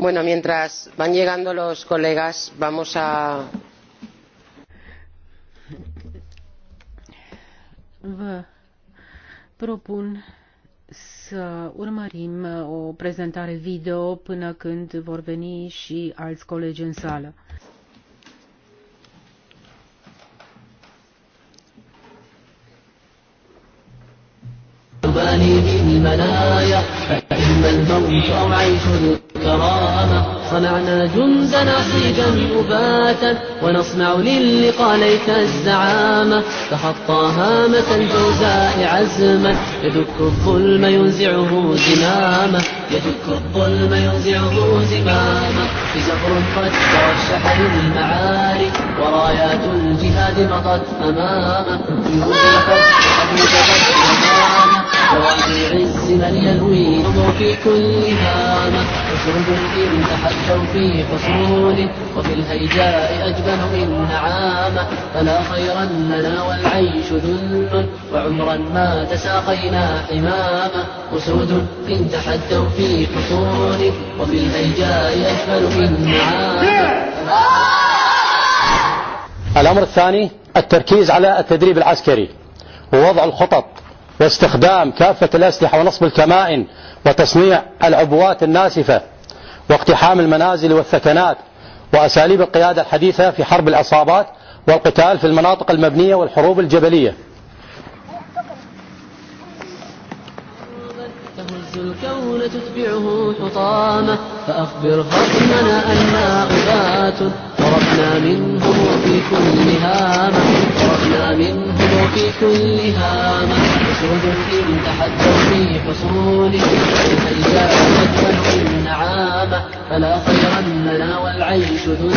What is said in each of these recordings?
Bueno, mientras van llegando los colegas, vamos a. Vă propun să urmărim o prezentare video până când vor veni și alți colegi în sală. المنايا الموت عيش الإقامة صنعنا جندا عصيجا مباتا ونصنع للقى ليت الزعامة تخطى هامة الجوزاء عزما يدك الظلم ينزعه زماما يدك الظلم ينزعه زماما بزهر قد ترشح للمعالي ورايات الجهاد مضت أمامه جهود الحب وفي عز من يلوي في كل هامة وشرب إن تحدث بالتوفيق سهول وفي الهيجاء أجبن من نعامة فلا خيرا لنا والعيش ذل وعمرا ما تساقينا حماما أسود تحدوا في سهول وفي الهيجاء أجبن من نعامة الأمر الثاني التركيز على التدريب العسكري ووضع الخطط واستخدام كافة الأسلحة ونصب الكمائن وتصنيع العبوات الناسفة واقتحام المنازل والثكنات وأساليب القيادة الحديثة في حرب العصابات والقتال في المناطق المبنية والحروب الجبلية شمس الكون تتبعه حطامة فأخبر خصمنا أنا أبات ضربنا منهم في كل هامة ضربنا منهم في كل هامة أسود إن تحدوا في حصوله إذا جاءت النعامة فلا خير لنا والعيش ذنوب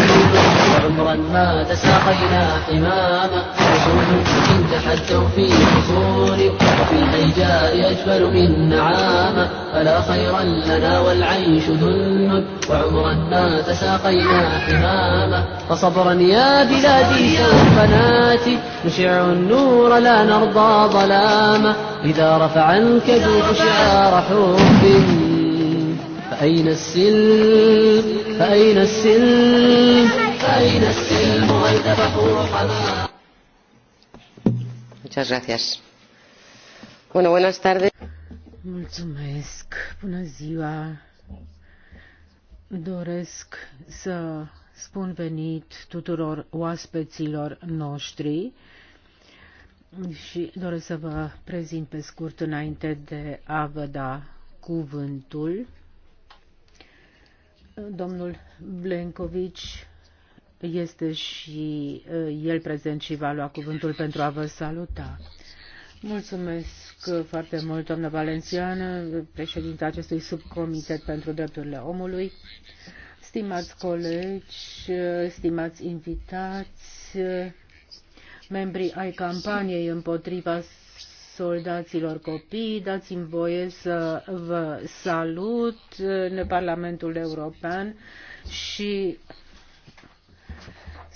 وعمرا ما تساقينا حماما أسود إن تحدوا في حصوله وفي الهيجاء أجمل من نعامة فلا ألا خيرا لنا والعيش ذل وعمرا ما تساقينا حماما فصبرا يا بلادي سوف ناتي نشع النور لا نرضى ظلاما إذا رفع الكذوب شعار حب فأين السلم فأين السلم فأين السلم والذبح روحنا Muchas gracias. Bueno, buenas tardes. Mulțumesc. Bună ziua. Doresc să spun venit tuturor oaspeților noștri și doresc să vă prezint pe scurt înainte de a vă da cuvântul. Domnul Blencovici este și eh, el prezent și va lua cuvântul pentru a vă saluta. Mulțumesc foarte mult, doamnă Valenciană, președinta acestui subcomitet pentru drepturile omului. Stimați colegi, stimați invitați, membrii ai campaniei împotriva soldaților copii, dați-mi voie să vă salut în Parlamentul European și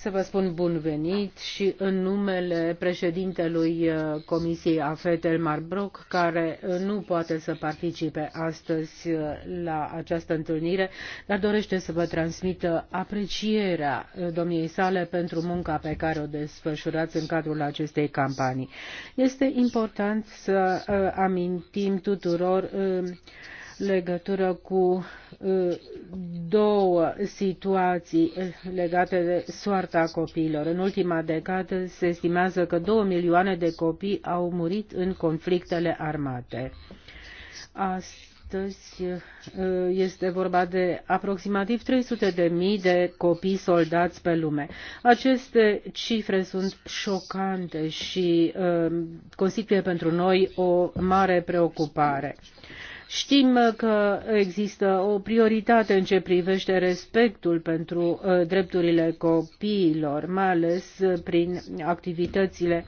să vă spun bun venit și în numele președintelui uh, Comisiei AFET, Elmar Brock, care uh, nu poate să participe astăzi uh, la această întâlnire, dar dorește să vă transmită aprecierea domniei sale pentru munca pe care o desfășurați în cadrul acestei campanii. Este important să amintim tuturor legătură cu ă, două situații legate de soarta copiilor. În ultima decadă se estimează că două milioane de copii au murit în conflictele armate. Astăzi ă, este vorba de aproximativ 300 de mii de copii soldați pe lume. Aceste cifre sunt șocante și ă, constituie pentru noi o mare preocupare. Știm uh, că există o prioritate în ce privește respectul pentru uh, drepturile copiilor, mai ales uh, prin activitățile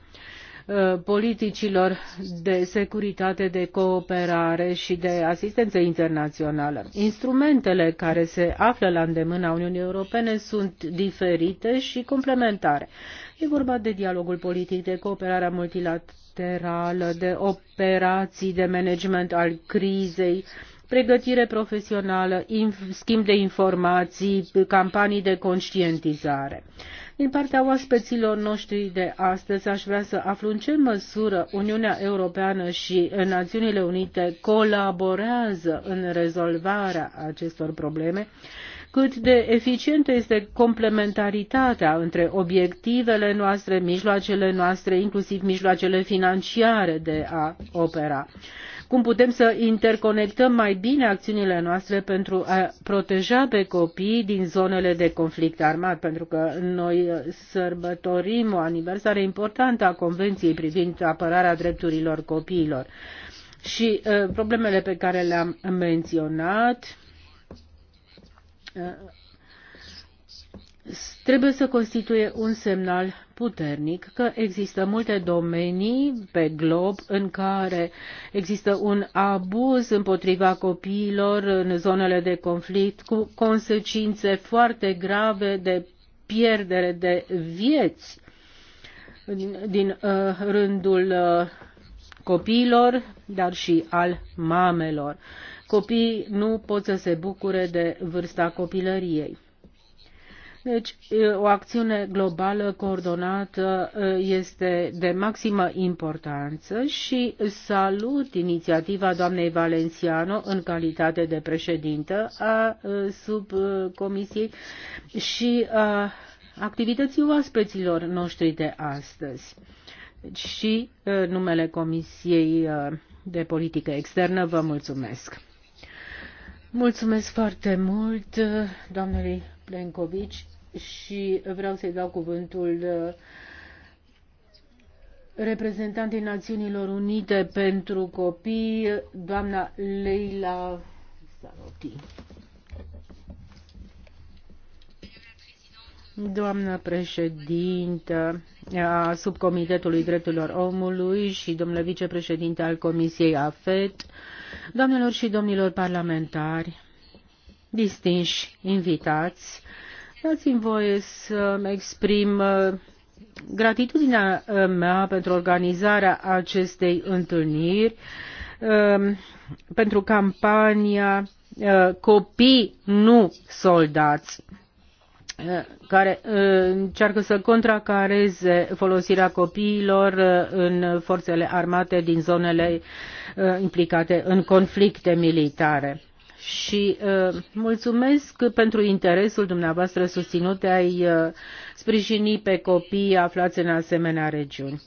politicilor de securitate, de cooperare și de asistență internațională. Instrumentele care se află la îndemâna Uniunii Europene sunt diferite și complementare. E vorba de dialogul politic, de cooperarea multilaterală bilaterală, de operații de management al crizei, pregătire profesională, schimb de informații, campanii de conștientizare. Din partea oaspeților noștri de astăzi aș vrea să aflu în ce măsură Uniunea Europeană și Națiunile Unite colaborează în rezolvarea acestor probleme cât de eficientă este complementaritatea între obiectivele noastre, mijloacele noastre, inclusiv mijloacele financiare de a opera. Cum putem să interconectăm mai bine acțiunile noastre pentru a proteja pe copii din zonele de conflict armat, pentru că noi sărbătorim o aniversare importantă a Convenției privind apărarea drepturilor copiilor. Și uh, problemele pe care le-am menționat, trebuie să constituie un semnal puternic că există multe domenii pe glob în care există un abuz împotriva copiilor în zonele de conflict cu consecințe foarte grave de pierdere de vieți din, din uh, rândul uh, copiilor, dar și al mamelor copiii nu pot să se bucure de vârsta copilăriei. Deci, o acțiune globală coordonată este de maximă importanță și salut inițiativa doamnei Valenciano în calitate de președintă a subcomisiei și a activității oaspeților noștri de astăzi. Și numele Comisiei de Politică Externă vă mulțumesc. Mulțumesc foarte mult doamnei Plencovici și vreau să-i dau cuvântul uh, reprezentantei Națiunilor Unite pentru Copii, doamna Leila Saroti. Doamna președintă a Subcomitetului Drepturilor Omului și domnule vicepreședinte al Comisiei AFET, Doamnelor și domnilor parlamentari, distinși invitați, dați-mi voie să exprim uh, gratitudinea uh, mea pentru organizarea acestei întâlniri, um, pentru campania uh, Copii nu soldați Uh, care uh, încearcă să contracareze folosirea copiilor uh, în forțele armate din zonele implicate în conflicte militare. Și mulțumesc pentru interesul dumneavoastră susținut de a-i sprijini pe copii aflați în asemenea regiuni.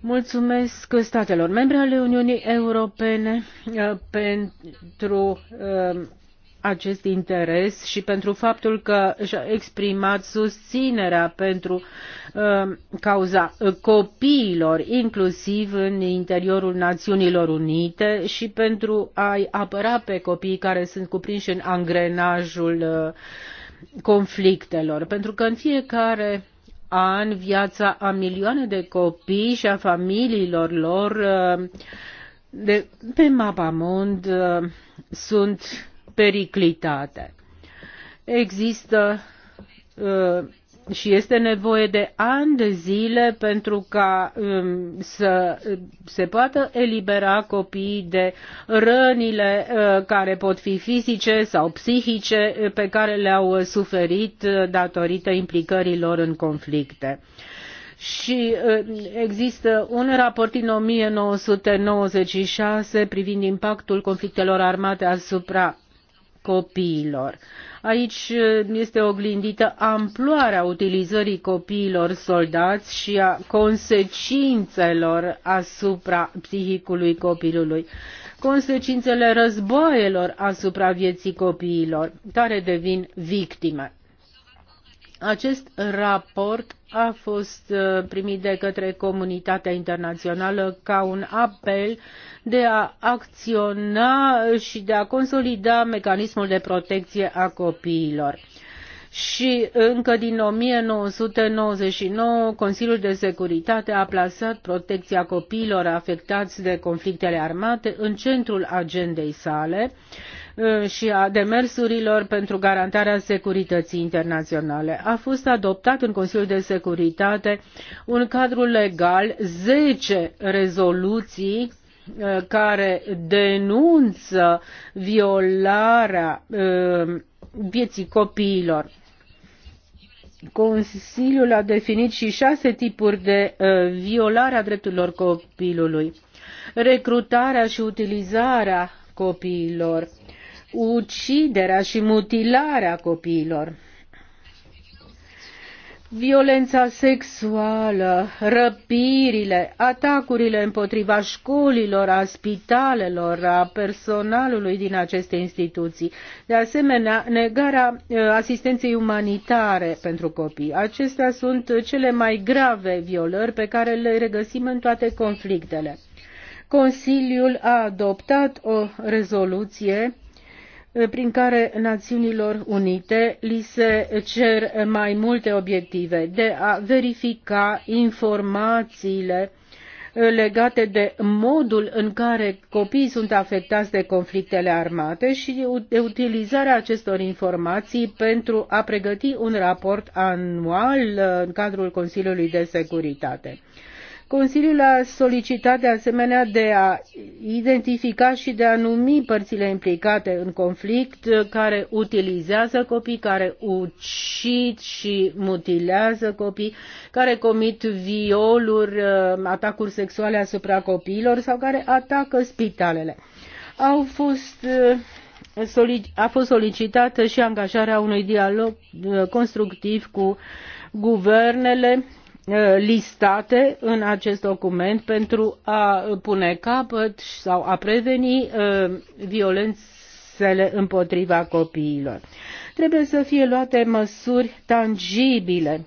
Mulțumesc statelor membre ale Uniunii Europene pentru acest interes și pentru faptul că și-a exprimat susținerea pentru uh, cauza copiilor, inclusiv în interiorul Națiunilor Unite și pentru a-i apăra pe copiii care sunt cuprinși în angrenajul uh, conflictelor. Pentru că în fiecare an viața a milioane de copii și a familiilor lor uh, de, pe mapa mond sunt periclitate. Există uh, și este nevoie de ani de zile pentru ca um, să se poată elibera copiii de rănile uh, care pot fi fizice sau psihice uh, pe care le-au suferit datorită implicărilor în conflicte. Și există un raport din 1996 privind impactul conflictelor armate asupra copiilor. Aici uh, este oglindită amploarea utilizării copiilor soldați și a consecințelor asupra psihicului copilului, consecințele războaielor asupra vieții copiilor, care devin victime. Acest raport a fost uh, primit de către comunitatea internațională ca un apel de a acționa și de a consolida mecanismul de protecție a copiilor și încă din 1999 Consiliul de Securitate a plasat protecția copiilor afectați de conflictele armate în centrul agendei sale Uh, și a demersurilor pentru garantarea securității internaționale. A fost adoptat în Consiliul de Securitate un cadru legal, 10 rezoluții uh, care denunță violarea uh, vieții copiilor. Consiliul a definit și șase tipuri de violare a drepturilor copilului. Recrutarea și utilizarea copiilor, uciderea și mutilarea copiilor. Violența sexuală, răpirile, atacurile împotriva școlilor, a spitalelor, a personalului din aceste instituții, de asemenea negarea uh, asistenței umanitare pentru copii. Acestea sunt cele mai grave violări pe care le regăsim în toate conflictele. Consiliul a adoptat o rezoluție prin care Națiunilor Unite li se cer mai multe obiective de a verifica informațiile legate de modul în care copiii sunt afectați de conflictele armate și de utilizarea acestor informații pentru a pregăti un raport anual uh, în cadrul Consiliului de Securitate. Consiliul a solicitat de asemenea de a identifica și de a numi părțile implicate în conflict care utilizează copii, care ucid și mutilează copii, care comit violuri, uh, atacuri sexuale asupra copiilor sau care atacă spitalele. Au fost uh, a fost solicitată și angajarea unui dialog uh, constructiv cu guvernele Uh, listate în acest document pentru a pune capăt sau a preveni uh, violențele împotriva copiilor. Trebuie să fie luate măsuri tangibile.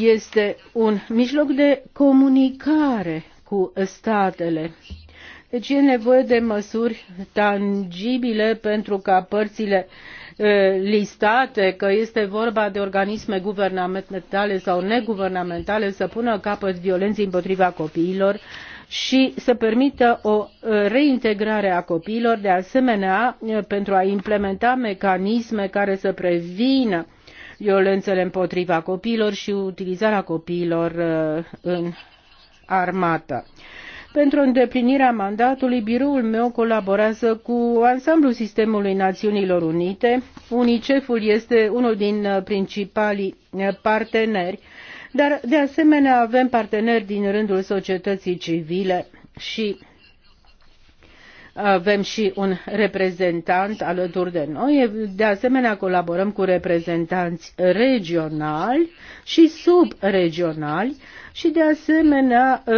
Este un mijloc de comunicare cu statele. Deci e nevoie de măsuri tangibile pentru ca părțile uh, listate, că este vorba de organisme guvernamentale sau neguvernamentale, să pună capăt violenței împotriva copiilor și să permită o reintegrare a copiilor, de asemenea pentru a implementa mecanisme care să prevină violențele împotriva copiilor și utilizarea copiilor în armată. Pentru îndeplinirea mandatului, biroul meu colaborează cu ansamblul sistemului Națiunilor Unite. UNICEF-ul este unul din uh, principalii uh, parteneri, dar de asemenea avem parteneri din rândul societății civile și avem și un reprezentant alături de noi. De asemenea, colaborăm cu reprezentanți regionali și subregionali și de asemenea ă,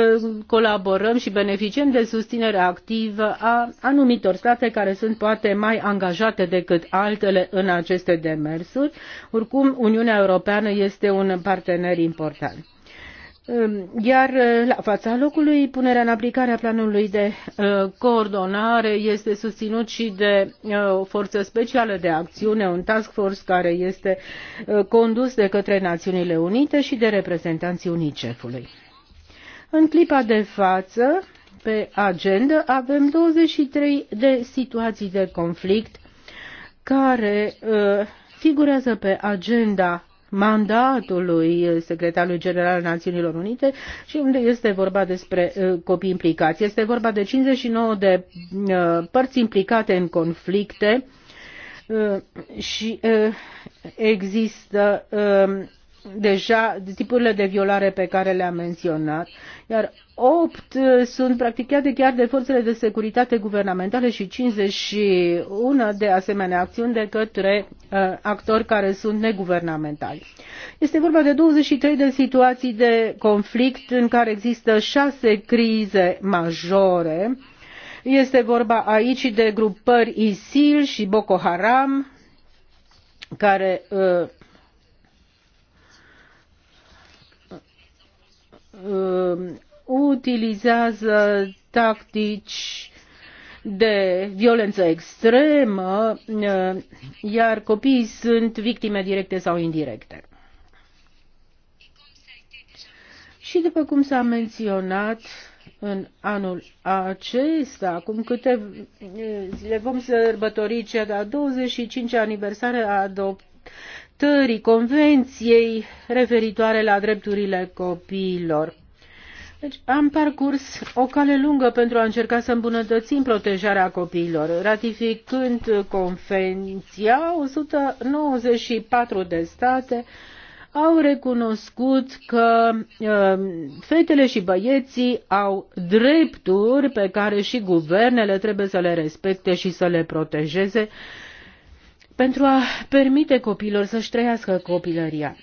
colaborăm și beneficiem de susținere activă a anumitor state care sunt poate mai angajate decât altele în aceste demersuri. Oricum, Uniunea Europeană este un partener important. Ehm, iar eh, la fața locului, punerea în aplicare a planului de eh, coordonare este susținut și de eh, o forță specială de acțiune, un task force care este condus de către Națiunile Unite și de reprezentanții UNICEF-ului. În clipa de față, pe agenda, avem 23 de situații de conflict care figurează pe agenda mandatului secretarului general al Națiunilor Unite și unde este vorba despre uh, copii implicați. Este vorba de 59 de uh, părți implicate în conflicte uh, și există deja tipurile de violare pe care le-am menționat, iar 8 uh, sunt practicate chiar de forțele de securitate guvernamentale și 51 de asemenea acțiuni de către uh, actori care sunt neguvernamentali. Este vorba de 23 de situații de conflict în care există 6 crize majore. Este vorba aici de grupări ISIL și Boko Haram, care uh, Um, utilizează tactici de violență extremă, um, iar copiii sunt victime directe sau indirecte. Și după cum s-a menționat în anul acesta, acum câte zile um, vom sărbători cea de-a 25-a aniversare a adoptării respectării Convenției referitoare la drepturile copiilor. Deci am parcurs o cale lungă pentru a încerca să îmbunătățim protejarea copiilor, ratificând Convenția 194 de state au recunoscut că um, fetele și băieții au drepturi pe care și guvernele trebuie să le respecte și să le protejeze pentru a permite copiilor să-și trăiască copilăria.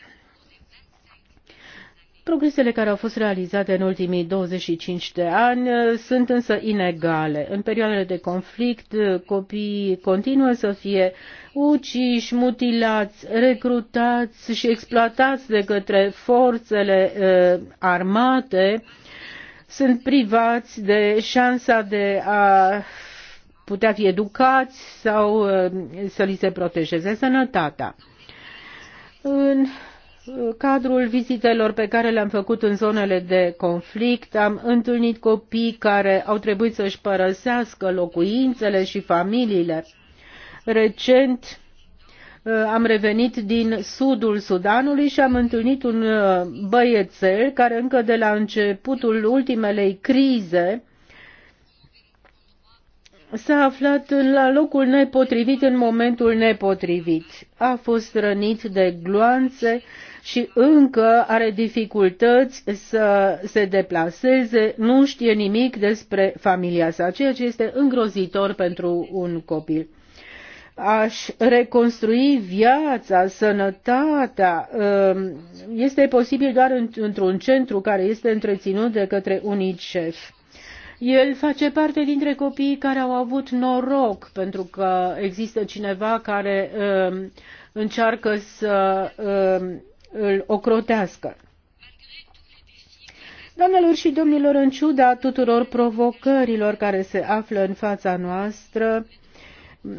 Progresele care au fost realizate în ultimii 25 de ani uh, sunt însă inegale. În perioadele de conflict, uh, copiii continuă să fie uciși, mutilați, recrutați și exploatați de către forțele uh, armate, sunt privați de șansa de a putea fi educați sau uh, să li se protejeze sănătatea. În uh, cadrul vizitelor pe care le-am făcut în zonele de conflict, am întâlnit copii care au trebuit să-și părăsească locuințele și familiile. Recent uh, am revenit din sudul Sudanului și am întâlnit un băiețel care încă de la începutul ultimelei crize s-a aflat la locul nepotrivit în momentul nepotrivit. A fost rănit de gloanțe și încă are dificultăți să se deplaseze, nu știe nimic despre familia sa, ceea ce este îngrozitor pentru un copil. Aș reconstrui viața, sănătatea, ehm, este posibil doar într-un centru care este întreținut de către UNICEF el face parte dintre copiii care au avut noroc, pentru că există cineva care uh, încearcă să uh, îl ocrotească. Doamnelor și domnilor, în ciuda tuturor provocărilor care se află în fața noastră,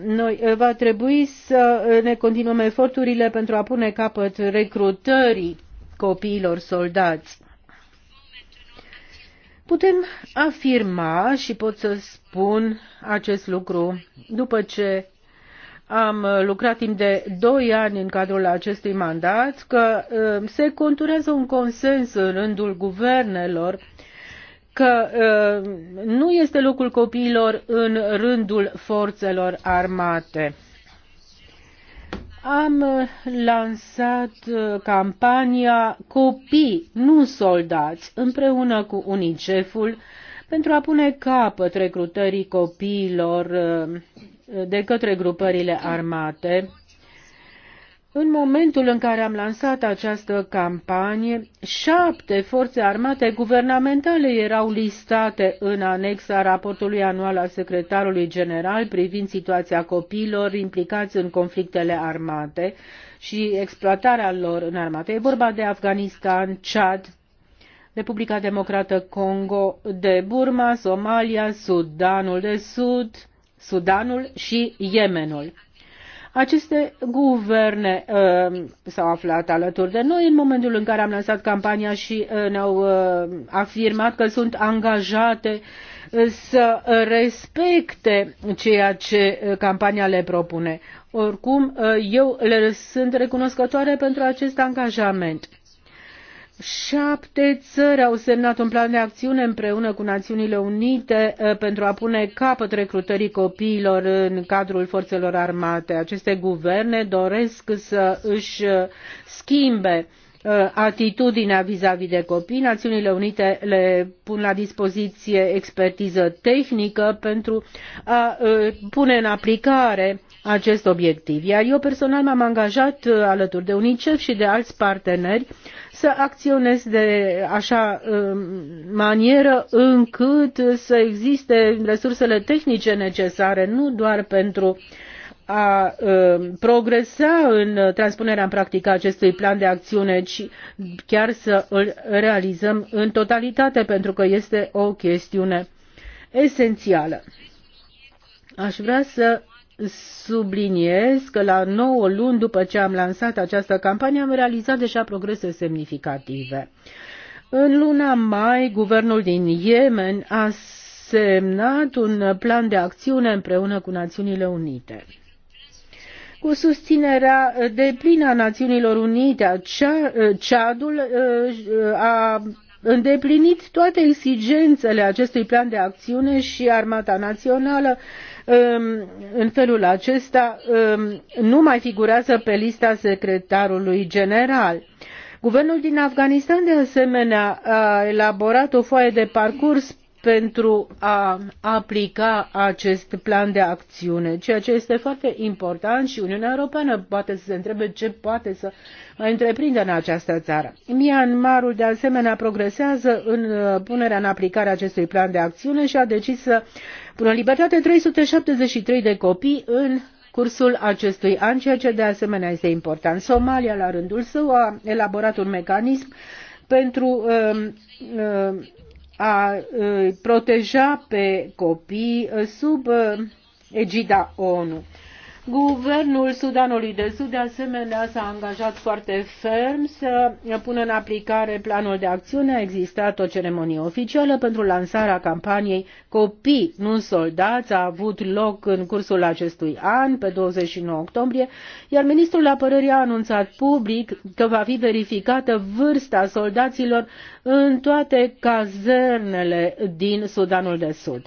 noi uh, va trebui să uh, ne continuăm eforturile pentru a pune capăt recrutării copiilor soldați. Putem afirma și pot să spun acest lucru după ce am lucrat timp de doi ani în cadrul acestui mandat, că uh, se conturează un consens în rândul guvernelor că uh, nu este locul copiilor în rândul forțelor armate am uh, lansat uh, campania Copii, nu soldați, împreună cu UNICEF-ul, pentru a pune capăt recrutării copiilor uh, de către grupările armate în momentul în care am lansat această campanie, șapte forțe armate guvernamentale erau listate în anexa raportului anual al secretarului general privind situația copiilor implicați în conflictele armate și exploatarea lor în armate. E vorba de Afganistan, Chad, Republica Democrată Congo, de Burma, Somalia, Sudanul de Sud, Sudanul și Yemenul. Aceste guverne uh, s-au aflat alături de noi în momentul în care am lansat campania și uh, ne-au uh, afirmat că sunt angajate uh, să respecte ceea ce uh, campania le propune. Oricum, uh, eu le sunt recunoscătoare pentru acest angajament. Șapte țări au semnat un plan de acțiune împreună cu Națiunile Unite eh, pentru a pune capăt recrutării copiilor în cadrul forțelor armate. Aceste guverne doresc să își eh, schimbe eh, atitudinea vis-a-vis -vis de copii. Națiunile Unite le pun la dispoziție expertiză tehnică pentru a pune în aplicare acest obiectiv. Iar eu personal m-am angajat alături de UNICEF și de alți parteneri să acționez de așa um, manieră încât să existe resursele tehnice necesare, nu doar pentru a um, progresa în transpunerea în practică acestui plan de acțiune, ci chiar să îl realizăm în totalitate, pentru că este o chestiune esențială. Aș vrea să subliniez că la 9 luni după ce am lansat această campanie am realizat deja progrese semnificative. În luna mai, guvernul din Yemen a semnat un plan de acțiune împreună cu Națiunile Unite. Cu susținerea deplină a Națiunilor Unite, Ceadul uh, a îndeplinit toate exigențele acestui plan de acțiune și Armata Națională în felul acesta nu mai figurează pe lista secretarului general. Guvernul din Afganistan, de asemenea, a elaborat o foaie de parcurs pentru a aplica acest plan de acțiune, ceea ce este foarte important și Uniunea Europeană poate să se întrebe ce poate să întreprindă în această țară. Myanmarul, de asemenea, progresează în uh, punerea în aplicare a acestui plan de acțiune și a decis să pună în libertate 373 de copii în cursul acestui an, ceea ce de asemenea este important. Somalia, la rândul său, a elaborat un mecanism pentru uh, uh, a proteja pe copii uh, sub uh, egida ONU. Guvernul Sudanului de Sud, de asemenea, s-a angajat foarte ferm să pună în aplicare planul de acțiune. A existat o ceremonie oficială pentru lansarea campaniei Copii, nu soldați, a avut loc în cursul acestui an, pe 29 octombrie, iar ministrul apărării a anunțat public că va fi verificată vârsta soldaților în toate cazernele din Sudanul de Sud.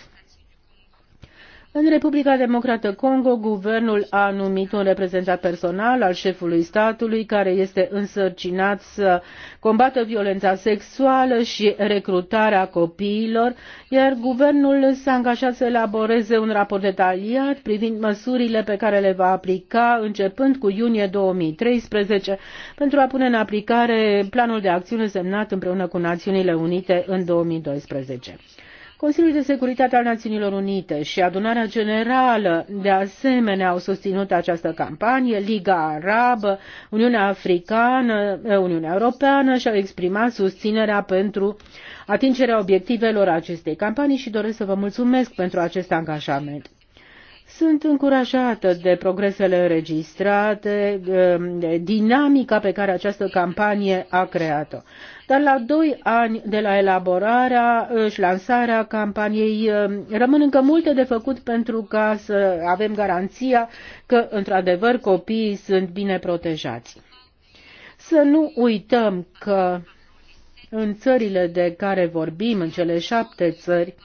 În Republica Democrată Congo, guvernul a numit un reprezentant personal al șefului statului, care este însărcinat să combată violența sexuală și recrutarea copiilor, iar guvernul s-a angajat să elaboreze un raport detaliat privind măsurile pe care le va aplica începând cu iunie 2013 pentru a pune în aplicare planul de acțiune semnat împreună cu Națiunile Unite în 2012. Consiliul de Securitate al Națiunilor Unite și Adunarea Generală de asemenea au susținut această campanie, Liga Arabă, Uniunea Africană, Uniunea Europeană și au exprimat susținerea pentru atingerea obiectivelor acestei campanii și doresc să vă mulțumesc pentru acest angajament. Sunt încurajată de progresele înregistrate, de dinamica pe care această campanie a creat-o dar la doi ani de la elaborarea și lansarea campaniei ă, rămân încă multe de făcut pentru ca să avem garanția că, într-adevăr, copiii sunt bine protejați. Să nu uităm că în țările de care vorbim, în cele șapte țări,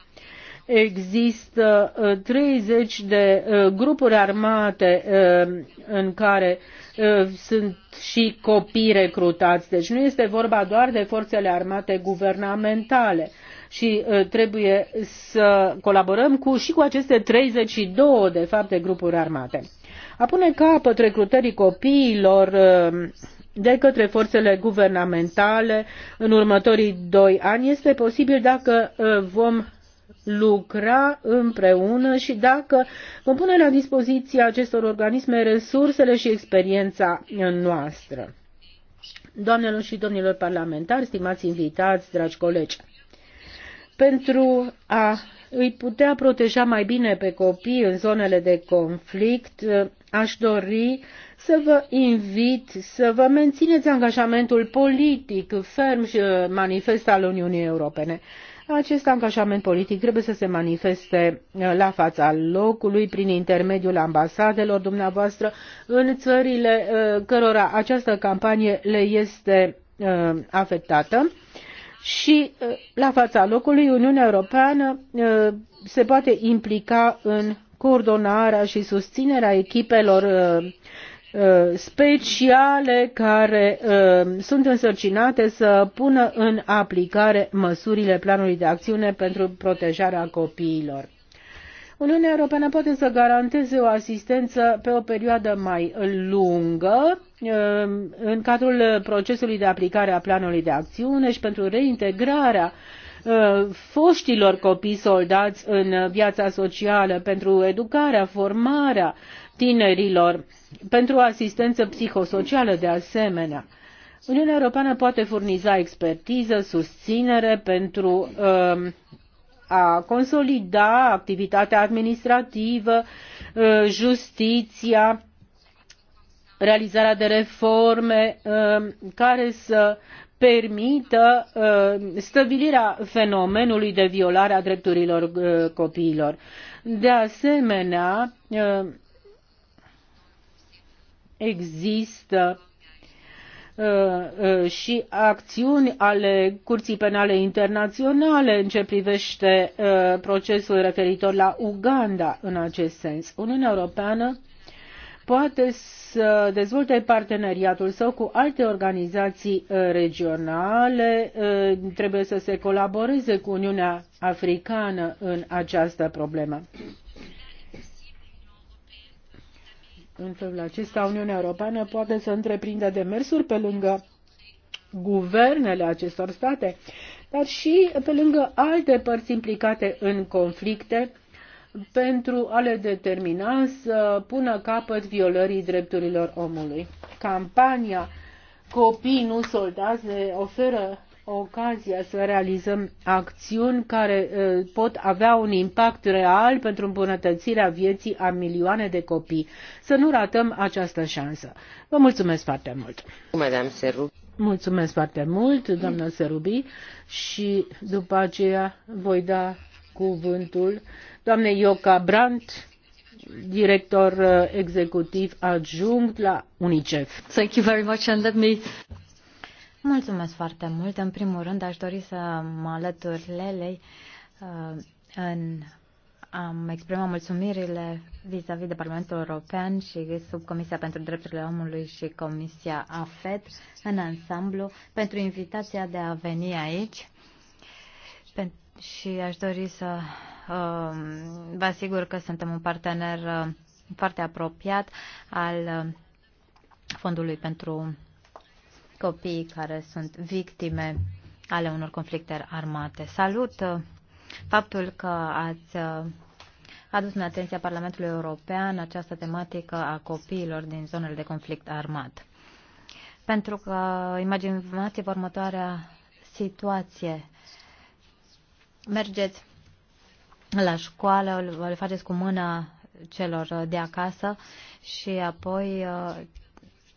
există 30 uh, de uh, grupuri armate uh, în care sunt și copii recrutați. Deci nu este vorba doar de forțele armate guvernamentale și trebuie să colaborăm cu, și cu aceste 32 de fapt de grupuri armate. A pune capăt recrutării copiilor de către forțele guvernamentale în următorii doi ani este posibil dacă vom lucra împreună și dacă vom pune la dispoziția acestor organisme resursele și experiența noastră. Doamnelor și domnilor parlamentari, stimați invitați, dragi colegi, pentru a îi putea proteja mai bine pe copii în zonele de conflict, aș dori să vă invit să vă mențineți angajamentul politic ferm și manifest al Uniunii Europene. Acest angajament politic trebuie să se manifeste uh, la fața locului prin intermediul ambasadelor dumneavoastră în țările uh, cărora această campanie le este uh, afectată și la fața locului Uniunea Europeană se poate implica în coordonarea și susținerea echipelor Uh, speciale care uh, sunt însărcinate să pună în aplicare măsurile planului de acțiune pentru protejarea copiilor. Uniunea Europeană poate să garanteze o asistență pe o perioadă mai lungă uh, în cadrul procesului de aplicare a planului de acțiune și pentru reintegrarea foștilor copii soldați în viața socială, pentru educarea, formarea tinerilor, pentru asistență psihosocială de asemenea. Uniunea Europeană poate furniza expertiză, susținere pentru uh, a consolida activitatea administrativă, uh, justiția, realizarea de reforme uh, care să permită uh, stabilirea fenomenului de violare a drepturilor uh, copiilor. De asemenea, uh, există uh, uh, și acțiuni ale Curții Penale Internaționale în ce privește uh, procesul referitor la Uganda în acest sens. Uniunea Europeană poate să dezvolte parteneriatul său cu alte organizații regionale, trebuie să se colaboreze cu Uniunea Africană în această problemă. În felul acesta, Uniunea Europeană poate să întreprindă demersuri pe lângă guvernele acestor state, dar și pe lângă alte părți implicate în conflicte, pentru a le determina să pună capăt violării drepturilor omului. Campania Copii nu soldați ne oferă ocazia să realizăm acțiuni care pot avea un impact real pentru îmbunătățirea vieții a milioane de copii. Să nu ratăm această șansă. Vă mulțumesc foarte mult! Mulțumesc foarte mult, doamna Serubi, și după aceea voi da cuvântul doamnei Ioca Brandt, director executiv adjunct la UNICEF. Thank you very much and let me Mulțumesc foarte mult. În primul rând, aș dori să mă alătur Lelei uh, în am exprimat mulțumirile vis-a-vis -vis de Parlamentul European și Subcomisia pentru Drepturile Omului și Comisia AFET în ansamblu pentru invitația de a veni aici și aș dori să uh, vă asigur că suntem un partener uh, foarte apropiat al uh, Fondului pentru copiii care sunt victime ale unor conflicte armate. Salut uh, faptul că ați uh, adus în atenția Parlamentului European această tematică a copiilor din zonele de conflict armat. Pentru că uh, imaginați-vă următoarea situație. Mergeți la școală, le faceți cu mâna celor de acasă și apoi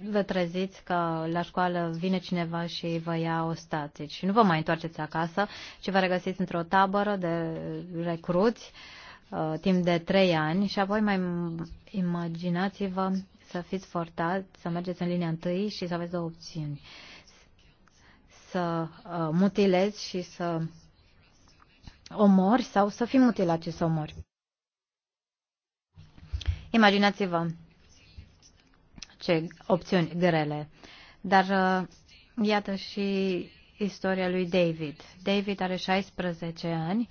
vă treziți că la școală vine cineva și vă ia o stație și nu vă mai întoarceți acasă, ci vă regăsiți într-o tabără de recruți uh, timp de trei ani și apoi mai imaginați-vă să fiți fortați, să mergeți în linia întâi și să aveți două opțiuni. Să uh, mutilezi și să omori sau să fii mutilat și să omori. Imaginați-vă ce opțiuni grele. Dar uh, iată și istoria lui David. David are 16 ani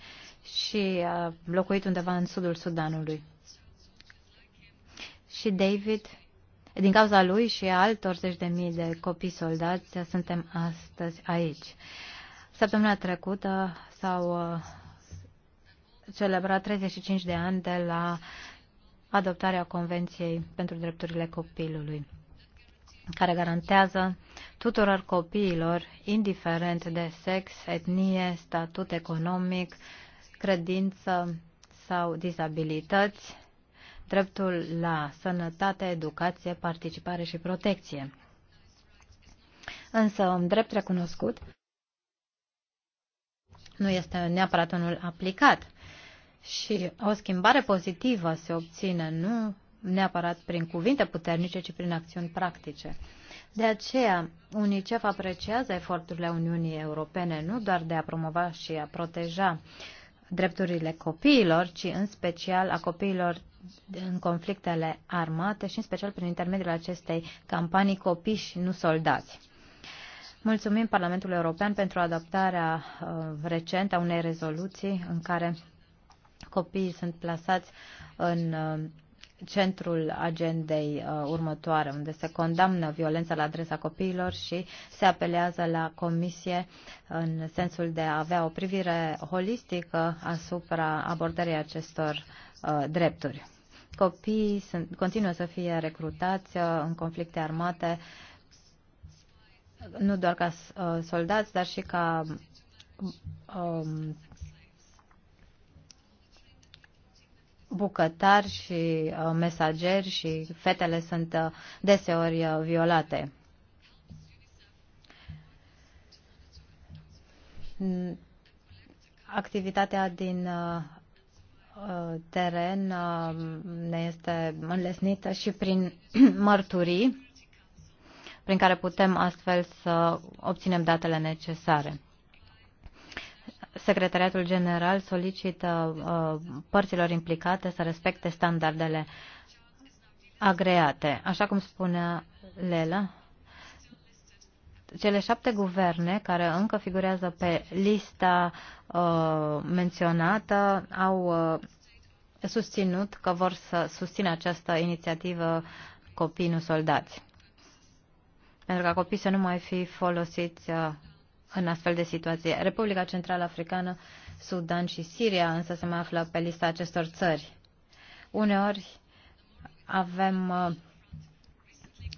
și a locuit undeva în sudul Sudanului. Și David, din cauza lui și a altor zeci de mii de copii soldați, suntem astăzi aici. Săptămâna trecută s-au uh, celebrat 35 de ani de la adoptarea Convenției pentru Drepturile Copilului, care garantează tuturor copiilor, indiferent de sex, etnie, statut economic, credință sau dizabilități, dreptul la sănătate, educație, participare și protecție. Însă, un drept recunoscut nu este neapărat unul aplicat și o schimbare pozitivă se obține nu neapărat prin cuvinte puternice, ci prin acțiuni practice. De aceea, UNICEF apreciază eforturile Uniunii Europene nu doar de a promova și a proteja drepturile copiilor, ci în special a copiilor în conflictele armate și în special prin intermediul acestei campanii copii și nu soldați. Mulțumim Parlamentului European pentru adoptarea uh, recentă a unei rezoluții în care copiii sunt plasați în uh, centrul agendei uh, următoare, unde se condamnă violența la adresa copiilor și se apelează la comisie în sensul de a avea o privire holistică asupra abordării acestor uh, drepturi. Copiii sunt, continuă să fie recrutați în conflicte armate, nu doar ca soldați, dar și ca uh, bucătari și uh, mesageri și fetele sunt uh, deseori uh, violate. Activitatea din teren ne este înlesnită și prin mărturii prin care putem astfel să obținem datele necesare. Secretariatul General solicită uh, părților implicate să respecte standardele agreate. Așa cum spunea Lela, cele șapte guverne care încă figurează pe lista uh, menționată au uh, susținut că vor să susțină această inițiativă copii nu soldați. Pentru ca copiii să nu mai fi folosiți uh, în astfel de situație. Republica Central Africană, Sudan și Siria însă se mai află pe lista acestor țări. Uneori avem uh,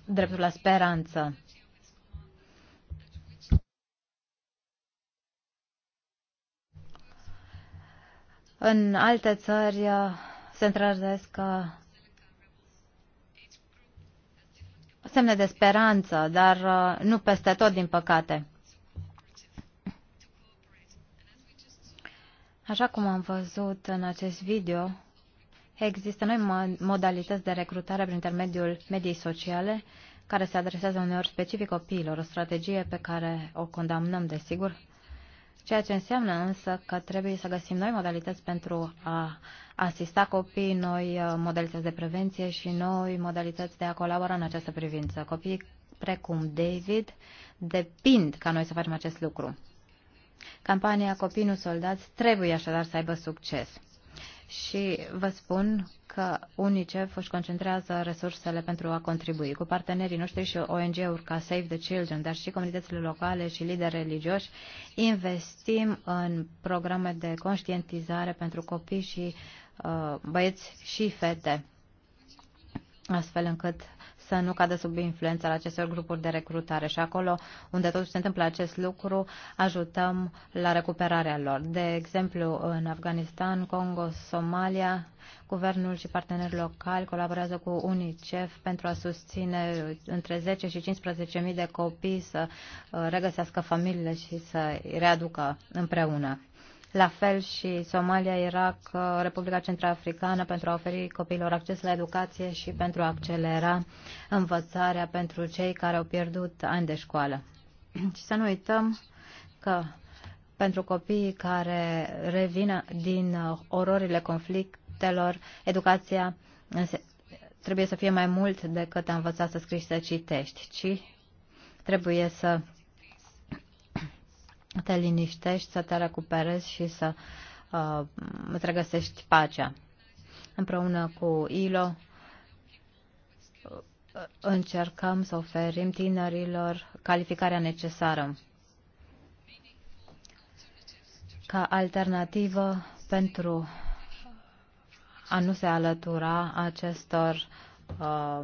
dreptul la speranță. În alte țări uh, se întrezesc uh, semne de speranță, dar nu peste tot, din păcate. Așa cum am văzut în acest video, există noi modalități de recrutare prin intermediul mediei sociale, care se adresează uneori specific copiilor, o strategie pe care o condamnăm, desigur, ceea ce înseamnă însă că trebuie să găsim noi modalități pentru a asista copiii, noi uh, modalități de prevenție și noi modalități de a colabora în această privință. Copiii precum David depind ca noi să facem acest lucru. Campania Copii nu soldați trebuie așadar să aibă succes. Și vă spun că UNICEF își concentrează resursele pentru a contribui. Cu partenerii noștri și ONG-uri ca Save the Children, dar și comunitățile locale și lideri religioși, investim în programe de conștientizare pentru copii și uh, băieți și fete, astfel încât să nu cadă sub influența acestor grupuri de recrutare și acolo unde totuși se întâmplă acest lucru, ajutăm la recuperarea lor. De exemplu, în Afganistan, Congo, Somalia, guvernul și parteneri locali colaborează cu UNICEF pentru a susține între 10 și 15.000 de copii să uh, regăsească familiile și să îi readucă împreună la fel și Somalia, Irak, Republica Centrafricană pentru a oferi copiilor acces la educație și pentru a accelera învățarea pentru cei care au pierdut ani de școală. Și să nu uităm că pentru copiii care revin din ororile conflictelor, educația trebuie să fie mai mult decât a învăța să scrii și să citești, ci trebuie să te liniștești, să te recuperezi și să uh, îți regăsești pacea. Împreună cu ILO uh, încercăm să oferim tinerilor calificarea necesară ca alternativă pentru a nu se alătura acestor uh,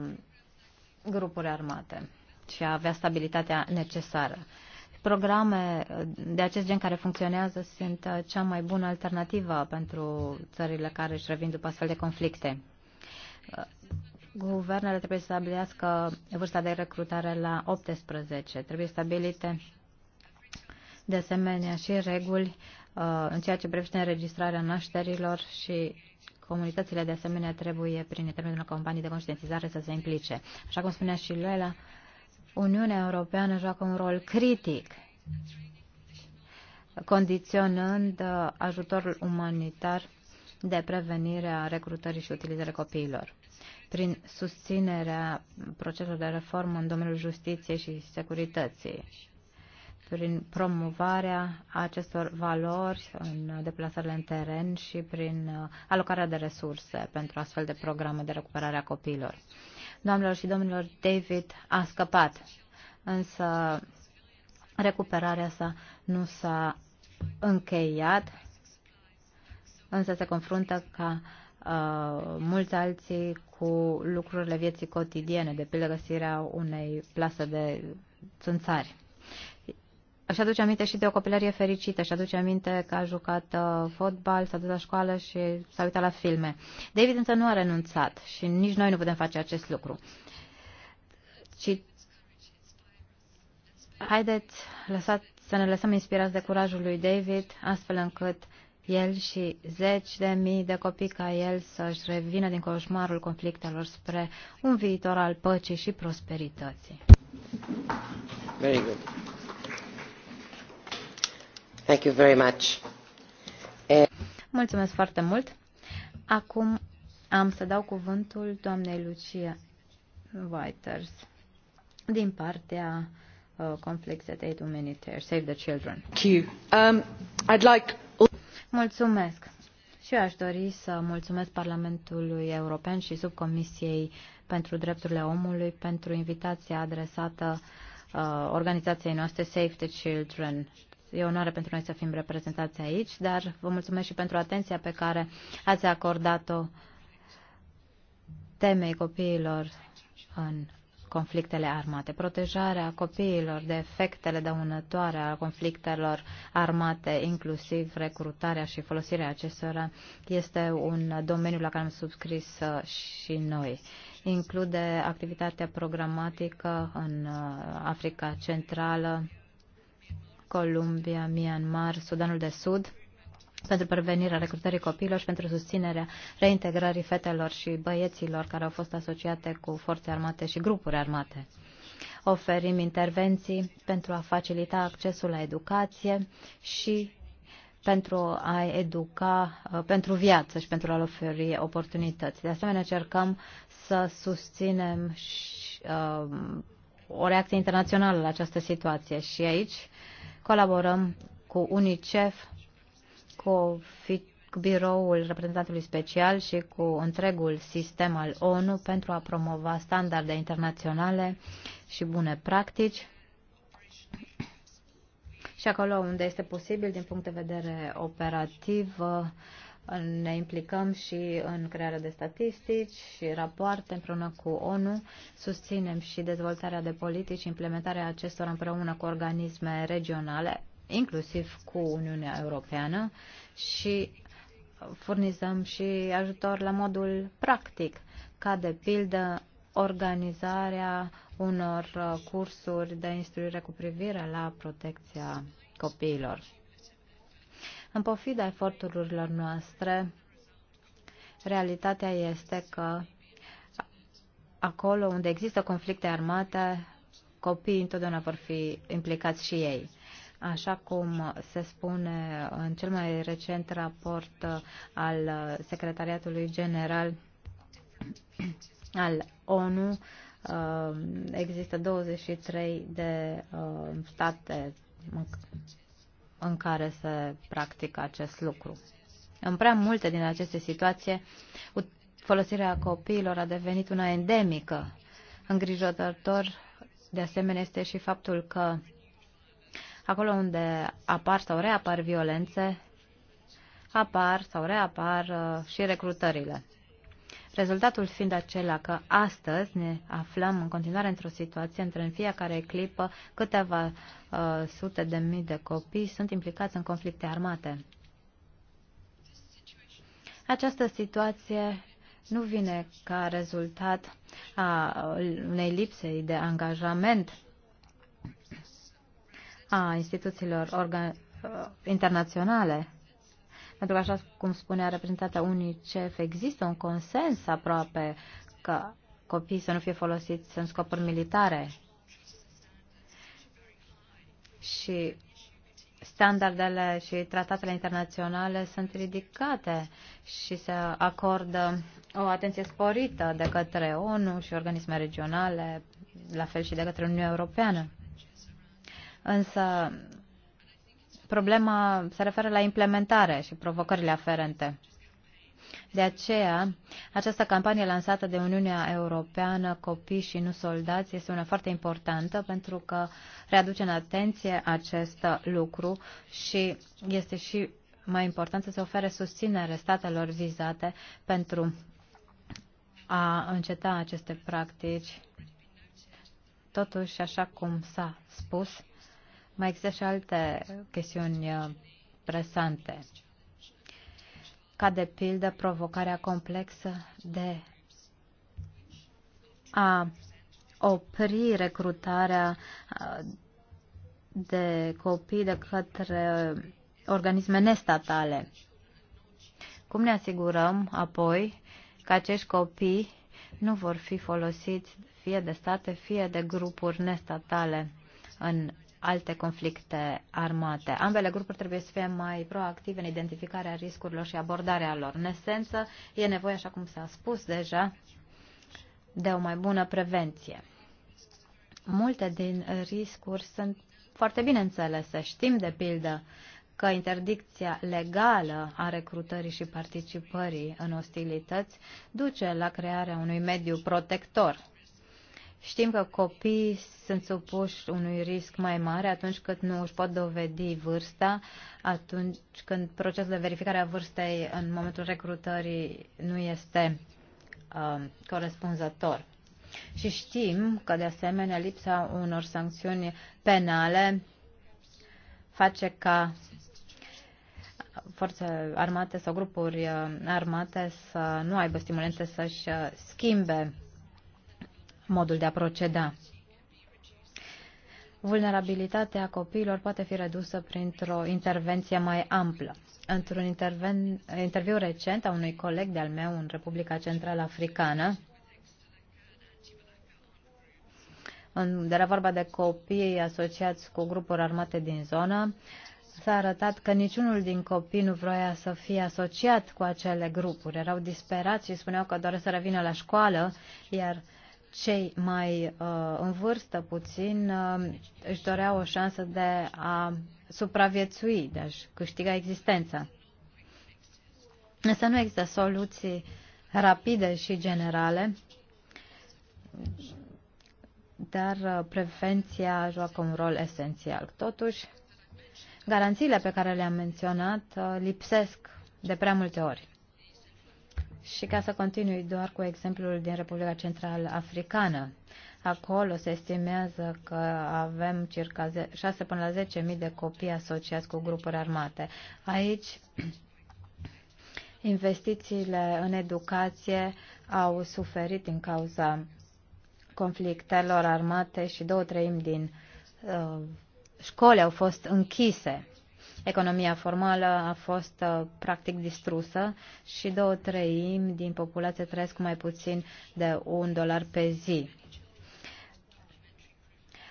grupuri armate și a avea stabilitatea necesară programe de acest gen care funcționează sunt cea mai bună alternativă pentru țările care își revin după astfel de conflicte. Guvernele trebuie să stabilească vârsta de recrutare la 18. Trebuie stabilite de asemenea și reguli uh, în ceea ce privește înregistrarea nașterilor și comunitățile de asemenea trebuie prin intermediul unor companii de conștientizare să se implice. Așa cum spunea și Lela, Uniunea Europeană joacă un rol critic, condiționând uh, ajutorul umanitar de prevenire a recrutării și utilizării copiilor. Prin susținerea procesului de reformă în domeniul justiției și securității, prin promovarea acestor valori în deplasările în teren și prin uh, alocarea de resurse pentru astfel de programe de recuperare a copiilor doamnelor și domnilor, David a scăpat, însă recuperarea sa nu s-a încheiat, însă se confruntă ca uh, mulți alții cu lucrurile vieții cotidiene, de pildă găsirea unei plase de țânțari. Își aduce aminte și de o copilărie fericită, își aduce aminte că a jucat uh, fotbal, s-a dus la școală și s-a uitat la filme. David însă nu a renunțat și nici noi nu putem face acest lucru. Ci haideți lăsat, să ne lăsăm inspirați de curajul lui David, astfel încât el și zeci de mii de copii ca el să-și revină din coșmarul conflictelor spre un viitor al păcii și prosperității. Very good. Thank you very much. Eh, mulțumesc foarte mult. Acum am să dau cuvântul doamnei Lucia Whiters din partea Complexity uh, Complex Humanitarian, Save the Children. Thank you. Um, I'd like... Mulțumesc. Și eu aș dori să mulțumesc Parlamentului European și Subcomisiei pentru Drepturile Omului pentru invitația adresată uh, organizației noastre Save the Children E onoare pentru noi să fim reprezentați aici, dar vă mulțumesc și pentru atenția pe care ați acordat-o temei copiilor în conflictele armate, protejarea copiilor de efectele dăunătoare a conflictelor armate, inclusiv recrutarea și folosirea acestora, este un domeniu la care am subscris uh, și noi. Include activitatea programatică în uh, Africa Centrală, Columbia, Myanmar, Sudanul de Sud, pentru prevenirea recrutării copiilor și pentru susținerea reintegrării fetelor și băieților care au fost asociate cu forțe armate și grupuri armate. Oferim intervenții pentru a facilita accesul la educație și pentru a educa uh, pentru viață și pentru a-l oferi oportunități. De asemenea, încercăm să susținem și, uh, o reacție internațională la această situație și aici uh, Colaborăm cu UNICEF, cu biroul reprezentantului special și cu întregul sistem al ONU pentru a promova standarde internaționale și bune practici. Și acolo unde este posibil din punct de vedere operativ, ne implicăm și în crearea de statistici și rapoarte împreună cu ONU, susținem și dezvoltarea de politici, implementarea acestora împreună cu organisme regionale, inclusiv cu Uniunea Europeană și furnizăm și ajutor la modul practic, ca de pildă organizarea unor cursuri de instruire cu privire la protecția copiilor. În pofida eforturilor noastre, realitatea este că acolo unde există conflicte armate, copiii întotdeauna vor fi implicați și ei. Așa cum se spune în cel mai recent raport al Secretariatului General al ONU, uh, există 23 de uh, state în care se practică acest lucru. În prea multe din aceste situații, folosirea copiilor a devenit una endemică. Îngrijorător, de asemenea, este și faptul că acolo unde apar sau reapar violențe, apar sau reapar uh, și recrutările. Rezultatul fiind acela că astăzi ne aflăm în continuare într-o situație între în fiecare clipă câteva uh, sute de mii de copii sunt implicați în conflicte armate. Această situație nu vine ca rezultat a unei lipsei de angajament a instituțiilor organ- uh, internaționale pentru că, așa cum spunea reprezentata UNICEF, există un consens aproape că copiii să nu fie folosiți în scopuri militare. Și standardele și tratatele internaționale sunt ridicate și se acordă o atenție sporită de către ONU și organisme regionale, la fel și de către Uniunea Europeană. Însă Problema se referă la implementare și provocările aferente. De aceea, această campanie lansată de Uniunea Europeană Copii și nu soldați este una foarte importantă pentru că readuce în atenție acest lucru și este și mai important să se ofere susținere statelor vizate pentru a înceta aceste practici. Totuși, așa cum s-a spus, mai există și alte chestiuni uh, presante, ca de pildă provocarea complexă de a opri recrutarea uh, de copii de către organisme nestatale. Cum ne asigurăm apoi că acești copii nu vor fi folosiți fie de state, fie de grupuri nestatale în alte conflicte armate. Ambele grupuri trebuie să fie mai proactive în identificarea riscurilor și abordarea lor. În esență, e nevoie, așa cum s-a spus deja, de o mai bună prevenție. Multe din riscuri sunt foarte bine înțelese. Știm, de pildă, că interdicția legală a recrutării și participării în ostilități duce la crearea unui mediu protector Știm că copiii sunt supuși unui risc mai mare atunci când nu își pot dovedi vârsta, atunci când procesul de verificare a vârstei în momentul recrutării nu este uh, corespunzător. Și știm că, de asemenea, lipsa unor sancțiuni penale face ca forțe armate sau grupuri uh, armate să nu aibă stimulente să-și uh, schimbe modul de a proceda. Vulnerabilitatea copiilor poate fi redusă printr-o intervenție mai amplă. Într-un interven... interviu recent a unui coleg de-al meu în Republica Central Africană, în, la vorba de copii asociați cu grupuri armate din zonă, s-a arătat că niciunul din copii nu vroia să fie asociat cu acele grupuri. Erau disperați și spuneau că doresc să revină la școală, iar uh, cei mai uh, în vârstă puțin uh, își doreau o șansă de a supraviețui, de a-și câștiga existența. Însă nu există soluții rapide și generale, dar uh, prevenția joacă un rol esențial. Totuși, garanțiile pe care le-am menționat uh, lipsesc de prea multe ori. Și ca să continui doar cu exemplul din Republica Central Africană, acolo se estimează că avem circa 6 până la 10.000 de copii asociați cu grupuri armate. Aici investițiile în educație au suferit din cauza conflictelor armate și două treimi din uh, școli au fost închise. Economia formală a fost uh, practic distrusă și două treimi din populație trăiesc cu mai puțin de un dolar pe zi.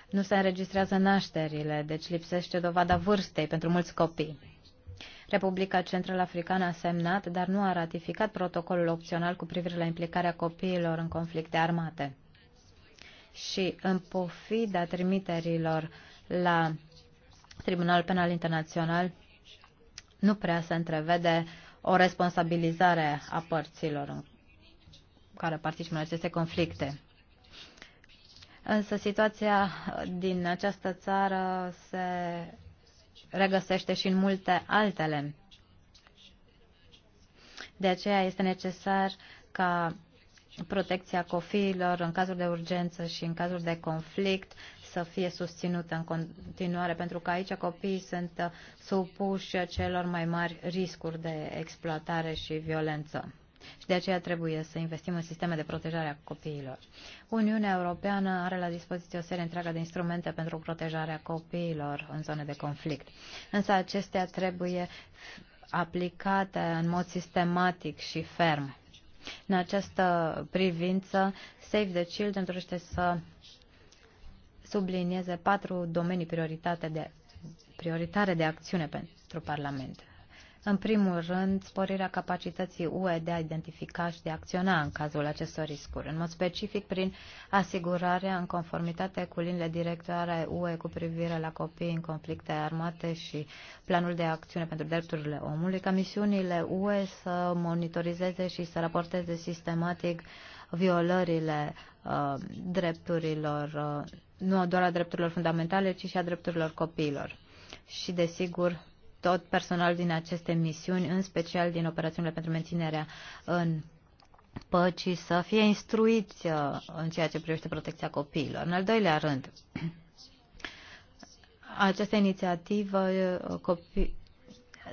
Nu se înregistrează nașterile, deci lipsește dovada vârstei pentru mulți copii. Republica Central Africană a semnat, dar nu a ratificat protocolul opțional cu privire la implicarea copiilor în conflicte armate. Și în pofida trimiterilor la Tribunal Penal Internațional nu prea se întrevede o responsabilizare a părților care participă în aceste conflicte. Însă situația din această țară se regăsește și în multe altele. De aceea este necesar ca protecția copiilor în cazuri de urgență și în cazuri de conflict să fie susținută în continuare, pentru că aici copiii sunt uh, supuși celor mai mari riscuri de exploatare și violență. Și de aceea trebuie să investim în sisteme de protejare a copiilor. Uniunea Europeană are la dispoziție o serie întreagă de instrumente pentru protejarea copiilor în zone de conflict. Însă acestea trebuie aplicate în mod sistematic și ferm. În această privință, Save the Children dorește să sublinieze patru domenii prioritate de, prioritare de acțiune pentru Parlament. În primul rând, sporirea capacității UE de a identifica și de a acționa în cazul acestor riscuri, în mod specific prin asigurarea în conformitate cu liniile directoare UE cu privire la copii în conflicte armate și planul de acțiune pentru drepturile omului, ca misiunile UE să monitorizeze și să raporteze sistematic violările uh, drepturilor, uh, nu doar a drepturilor fundamentale, ci și a drepturilor copiilor. Și, desigur, tot personal din aceste misiuni, în special din operațiunile pentru menținerea în păcii, să fie instruiți uh, în ceea ce privește protecția copiilor. În al doilea rând, această inițiativă uh, copii,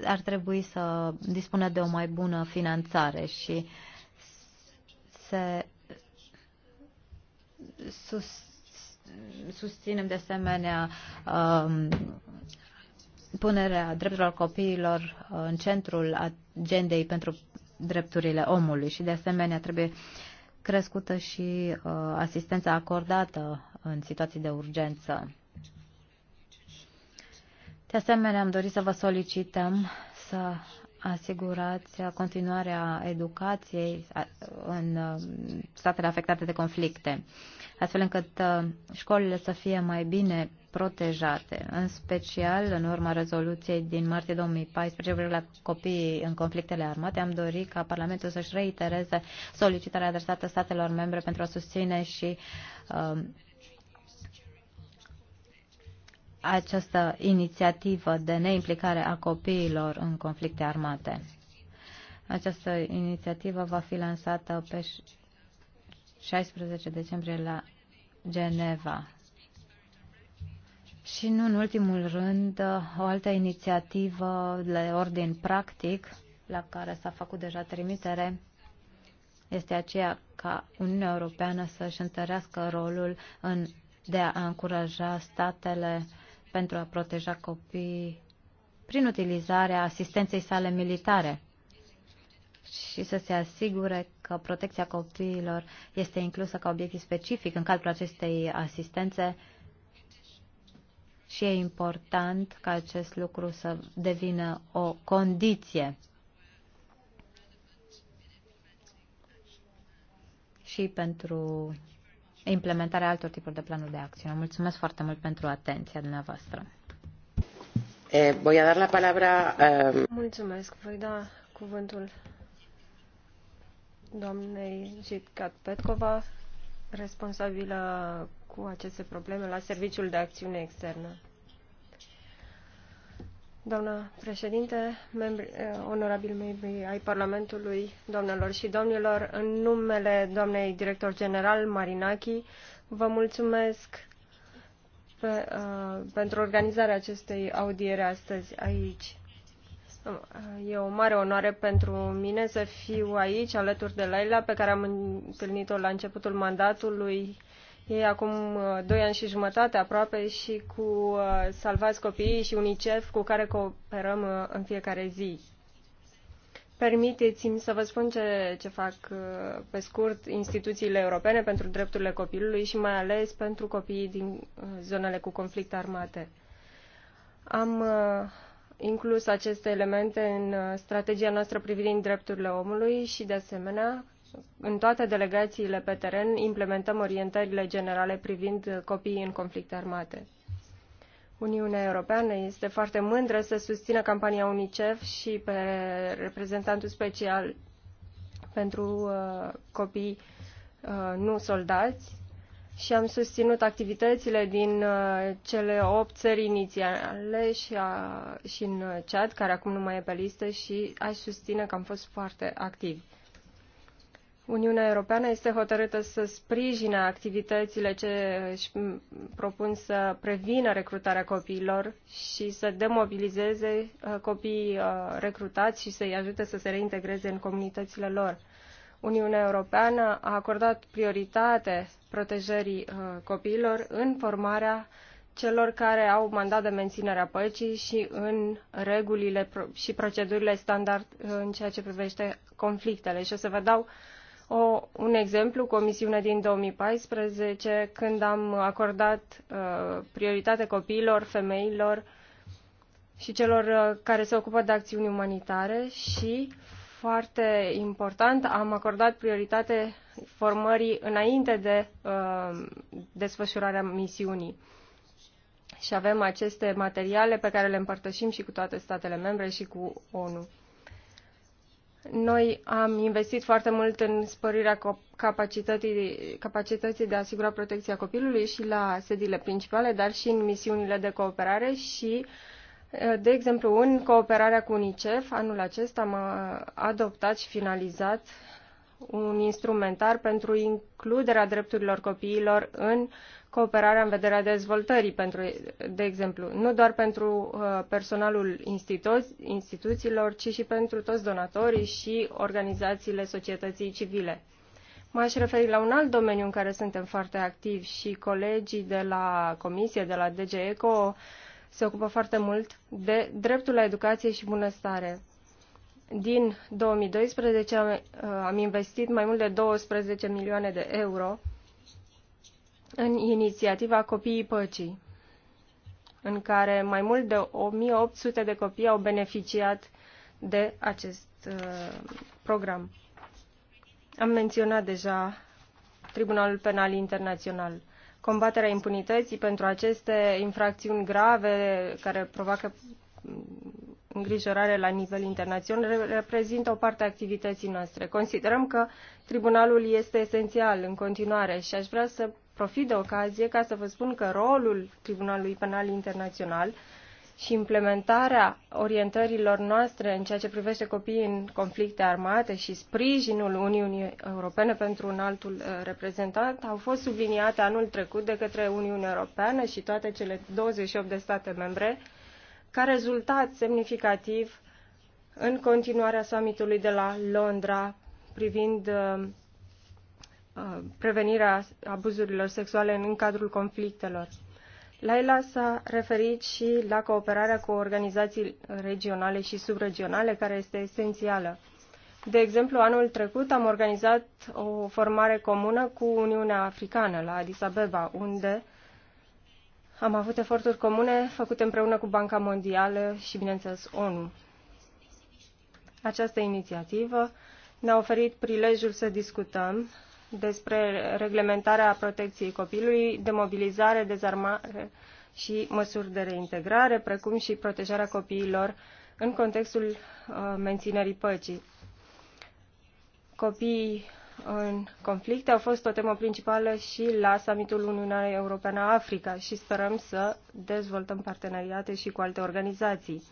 ar trebui să dispună de o mai bună finanțare și se sus, susținem de asemenea um, punerea drepturilor copiilor uh, în centrul agendei pentru drepturile omului și de asemenea trebuie crescută și uh, asistența acordată în situații de urgență. De asemenea, am dorit să vă solicităm să asigurați continuarea educației uh, în uh, statele afectate de conflicte, astfel încât școlile să fie mai bine protejate, în special în urma rezoluției din martie 2014 la copiii în conflictele armate. Am dorit ca Parlamentul să-și reitereze solicitarea adresată statelor membre pentru a susține și uh, această inițiativă de neimplicare a copiilor în conflicte armate. Această inițiativă va fi lansată pe 16 decembrie la Geneva. Și nu în ultimul rând, o altă inițiativă de ordin practic la care s-a făcut deja trimitere este aceea ca Uniunea Europeană să-și întărească rolul în, de a încuraja statele pentru a proteja copiii prin utilizarea asistenței sale militare și să se asigure că protecția copiilor este inclusă ca obiectiv specific în cadrul acestei asistențe și e important ca acest lucru să devină o condiție și pentru implementarea altor tipuri de planuri de acțiune. Mulțumesc foarte mult pentru atenția dumneavoastră. Eh, voi da la palabra. Uh... Mulțumesc. Voi da cuvântul doamnei Jitkat Petkova, responsabilă cu aceste probleme la Serviciul de Acțiune Externă. Doamna președinte, membri, eh, onorabili membri ai Parlamentului, doamnelor și domnilor, în numele doamnei director general Marinaki, vă mulțumesc pe, uh, pentru organizarea acestei audiere astăzi aici. Uh, e o mare onoare pentru mine să fiu aici, alături de Laila, pe care am întâlnit-o la începutul mandatului e acum uh, doi ani și jumătate aproape și cu uh, Salvați Copiii și UNICEF cu care cooperăm în fiecare zi. Permiteți-mi să vă spun ce, ce fac pe scurt instituțiile europene pentru drepturile copilului și mai ales pentru copiii din zonele cu conflict armate. Am inclus aceste elemente în uh, strategia noastră privind drepturile omului și, de asemenea, în toate delegațiile pe teren implementăm orientările generale privind uh, copiii în conflicte armate. Uniunea Europeană este foarte mândră să susțină campania UNICEF și pe reprezentantul special pentru uh, copii uh, nu soldați și am susținut activitățile din uh, cele 8 țări inițiale și, a, și în chat, care acum nu mai e pe listă și aș susține că am fost foarte activi. Uniunea Europeană este hotărâtă să sprijine activitățile ce își propun să prevină recrutarea copiilor și să demobilizeze uh, copiii uh, recrutați și să-i ajute să se reintegreze în comunitățile lor. Uniunea Europeană a acordat prioritate protejării uh, copiilor în formarea celor care au mandat de menținere a păcii și în regulile și procedurile standard uh, în ceea ce privește conflictele. Și o să vă dau o, un exemplu cu o misiune din 2014, când am acordat uh, prioritate copiilor, femeilor și celor uh, care se ocupă de acțiuni umanitare și foarte important. Am acordat prioritate formării înainte de uh, desfășurarea misiunii. Și avem aceste materiale pe care le împărtășim și cu toate statele membre și cu ONU. Noi am investit foarte mult în spărirea capacității, capacității de a asigura protecția copilului și la sediile principale, dar și în misiunile de cooperare și uh, de exemplu, în cooperarea cu UNICEF, anul acesta am uh, adoptat și finalizat un instrumentar pentru includerea drepturilor copiilor în cooperarea în vederea dezvoltării, pentru, de exemplu, nu doar pentru uh, personalul instituțiilor, ci și pentru toți donatorii și organizațiile societății civile. M-aș referi la un alt domeniu în care suntem foarte activi și colegii de la Comisie, de la DG ECO, se ocupă foarte mult de dreptul la educație și bunăstare. Din 2012 am, uh, am investit mai mult de 12 milioane de euro în inițiativa Copiii Păcii, în care mai mult de 1800 de copii au beneficiat de acest uh, program. Am menționat deja Tribunalul Penal Internațional combaterea impunității pentru aceste infracțiuni grave care provoacă îngrijorare la nivel internațional reprezintă o parte a activității noastre. Considerăm că tribunalul este esențial în continuare și aș vrea să profit de ocazie ca să vă spun că rolul Tribunalului Penal Internațional și implementarea orientărilor noastre în ceea ce privește copiii în conflicte armate și sprijinul Uniunii Europene pentru un altul uh, reprezentant au fost subliniate anul trecut de către Uniunea Europeană și toate cele 28 de state membre ca rezultat semnificativ în continuarea summitului de la Londra privind uh, uh, prevenirea abuzurilor sexuale în cadrul conflictelor. Laila s-a referit și la cooperarea cu organizații regionale și subregionale, care este esențială. De exemplu, anul trecut am organizat o formare comună cu Uniunea Africană la Addis Abeba, unde am avut eforturi comune făcute împreună cu Banca Mondială și, bineînțeles, ONU. Această inițiativă ne-a oferit prilejul să discutăm despre reglementarea protecției copilului, demobilizare, dezarmare și măsuri de reintegrare, precum și protejarea copiilor în contextul uh, menținerii păcii. Copiii în conflicte au fost o temă principală și la summitul Uniunea Europeană-Africa și sperăm să dezvoltăm parteneriate și cu alte organizații.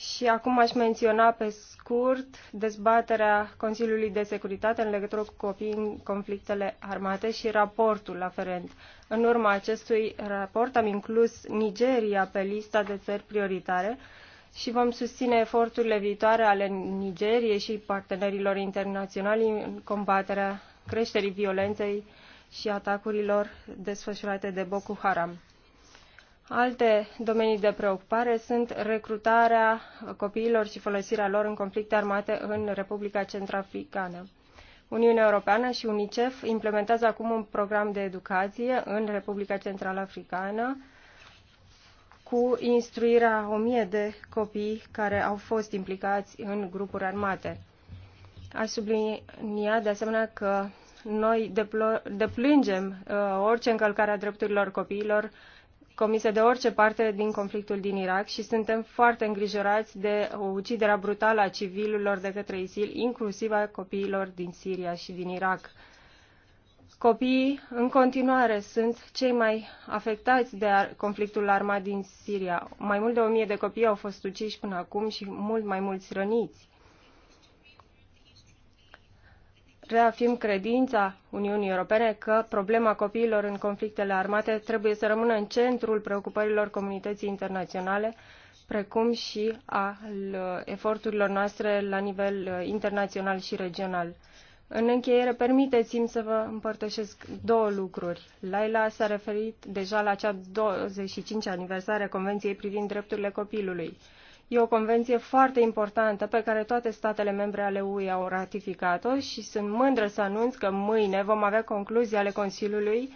Și acum aș menționa pe scurt dezbaterea Consiliului de Securitate în legătură cu copiii în conflictele armate și raportul aferent. În urma acestui raport am inclus Nigeria pe lista de țări prioritare și vom susține eforturile viitoare ale Nigeriei și partenerilor internaționali în combaterea creșterii violenței și atacurilor desfășurate de Boko Haram. Alte domenii de preocupare sunt recrutarea copiilor și folosirea lor în conflicte armate în Republica Centrafricană. Uniunea Europeană și UNICEF implementează acum un program de educație în Republica Central Africană cu instruirea o mie de copii care au fost implicați în grupuri armate. Aș sublinia de asemenea că noi deplângem uh, orice încălcare a drepturilor copiilor comise de orice parte din conflictul din Irak și suntem foarte îngrijorați de uciderea brutală a civililor de către ISIL, inclusiv a copiilor din Siria și din Irak. Copiii în continuare sunt cei mai afectați de conflictul armat din Siria. Mai mult de o mie de copii au fost uciși până acum și mult mai mulți răniți. reafirm credința Uniunii Europene că problema copiilor în conflictele armate trebuie să rămână în centrul preocupărilor comunității internaționale, precum și al uh, eforturilor noastre la nivel uh, internațional și regional. În încheiere, permiteți-mi să vă împărtășesc două lucruri. Laila s-a referit deja la cea 25 aniversare a Convenției privind drepturile copilului. E o convenție foarte importantă pe care toate statele membre ale UE au ratificat-o și sunt mândră să anunț că mâine vom avea concluzii ale Consiliului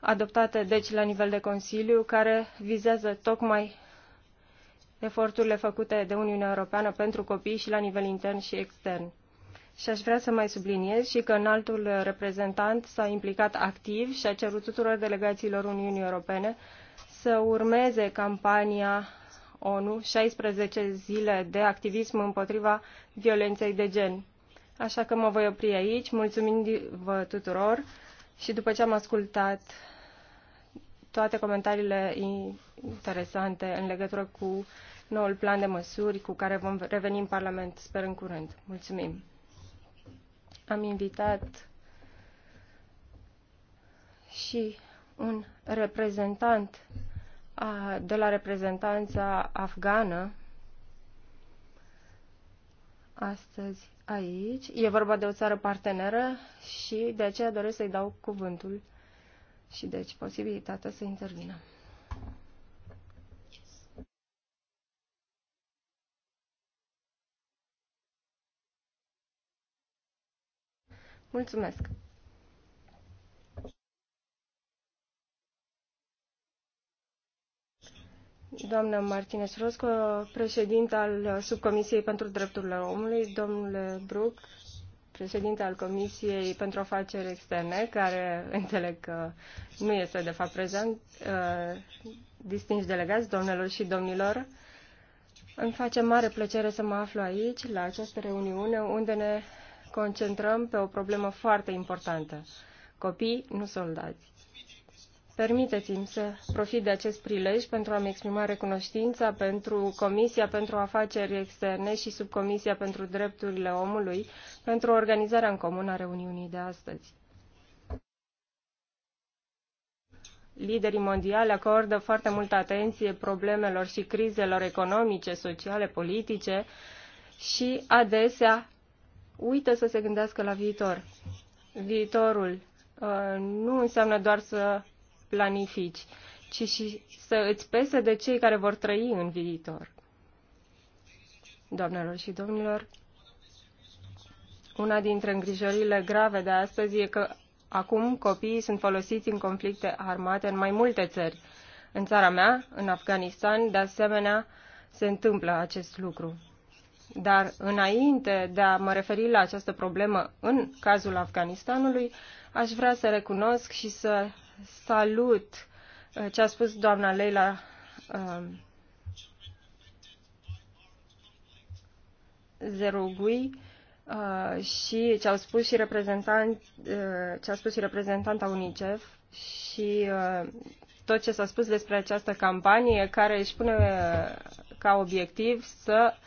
adoptate deci la nivel de Consiliu care vizează tocmai eforturile făcute de Uniunea Europeană pentru copii și la nivel intern și extern. Și aș vrea să mai subliniez și că înaltul reprezentant s-a implicat activ și a cerut tuturor delegațiilor Uniunii Europene să urmeze campania ONU 16 zile de activism împotriva violenței de gen. Așa că mă voi opri aici, mulțumindu-vă tuturor și după ce am ascultat toate comentariile interesante în legătură cu noul plan de măsuri cu care vom reveni în Parlament, sper în curând. Mulțumim! Am invitat și un reprezentant de la reprezentanța afgană astăzi aici. E vorba de o țară parteneră și de aceea doresc să-i dau cuvântul și deci posibilitatea să intervină. Mulțumesc! doamnă Martinez Rosco, președinte al Subcomisiei pentru Drepturile Omului, domnule Bruc, președinte al Comisiei pentru Afaceri Externe, care înțeleg că nu este de fapt prezent, uh, distinși delegați, domnilor și domnilor, îmi face mare plăcere să mă aflu aici, la această reuniune, unde ne concentrăm pe o problemă foarte importantă. Copii, nu soldați. Permiteți-mi să profit de acest prilej pentru a-mi exprima recunoștința pentru Comisia pentru Afaceri Externe și Subcomisia pentru Drepturile Omului pentru organizarea în comun a reuniunii de astăzi. Liderii mondiali acordă foarte multă atenție problemelor și crizelor economice, sociale, politice și adesea uită să se gândească la viitor. Viitorul uh, nu înseamnă doar să planifici, ci și să îți pese de cei care vor trăi în viitor. Doamnelor și domnilor, una dintre îngrijorile grave de astăzi e că acum copiii sunt folosiți în conflicte armate în mai multe țări. În țara mea, în Afganistan, de asemenea, se întâmplă acest lucru. Dar înainte de a mă referi la această problemă în cazul Afganistanului, aș vrea să recunosc și să salut uh, ce a spus doamna Leila um, Zerugui uh, și ce au spus și reprezentant, uh, ce a spus și reprezentanta UNICEF și tot ce s-a spus despre această campanie care își pune ca obiectiv să uh,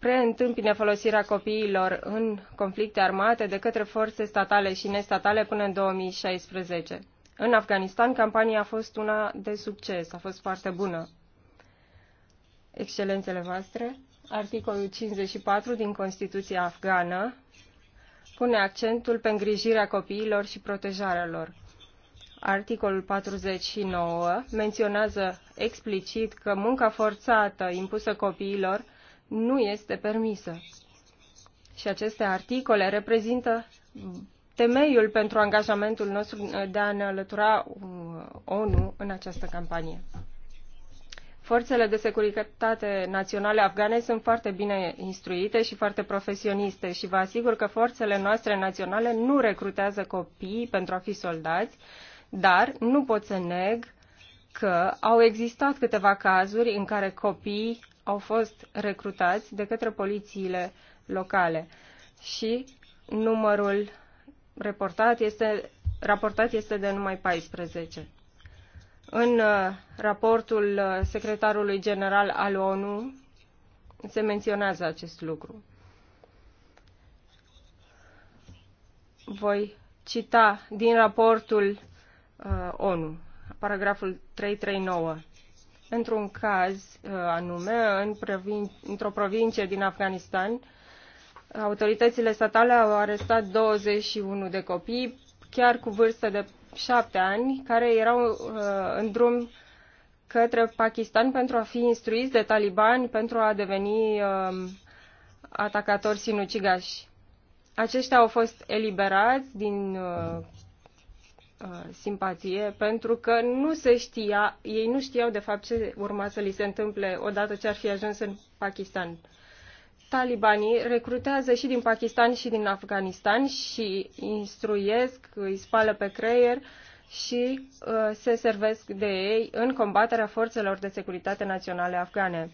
preîntâmpine folosirea copiilor în conflicte armate de către forțe statale și nestatale până în 2016. În Afganistan, campania a fost una de succes, a fost foarte bună. Excelențele voastre, articolul 54 din Constituția afgană pune accentul pe îngrijirea copiilor și protejarea lor. Articolul 49 menționează explicit că munca forțată impusă copiilor nu este permisă. Și aceste articole reprezintă temeiul pentru angajamentul nostru de a ne alătura uh, ONU în această campanie. Forțele de securitate naționale afgane sunt foarte bine instruite și foarte profesioniste și vă asigur că forțele noastre naționale nu recrutează copii pentru a fi soldați, dar nu pot să neg că au existat câteva cazuri în care copii au fost recrutați de către polițiile locale și numărul reportat este, raportat este de numai 14. În uh, raportul uh, secretarului general al ONU se menționează acest lucru. Voi cita din raportul uh, ONU, paragraful 339 într-un caz uh, anume, în într-o provincie din Afganistan, autoritățile statale au arestat 21 de copii, chiar cu vârstă de 7 ani, care erau uh, în drum către Pakistan pentru a fi instruiți de talibani pentru a deveni uh, atacatori sinucigași. Aceștia au fost eliberați din uh, Uh, simpatie pentru că nu se știa, ei nu știau de fapt ce urma să li se întâmple odată ce ar fi ajuns în Pakistan. Talibanii recrutează și din Pakistan și din Afganistan și instruiesc, îi spală pe creier și uh, se servesc de ei în combaterea forțelor de securitate naționale afgane.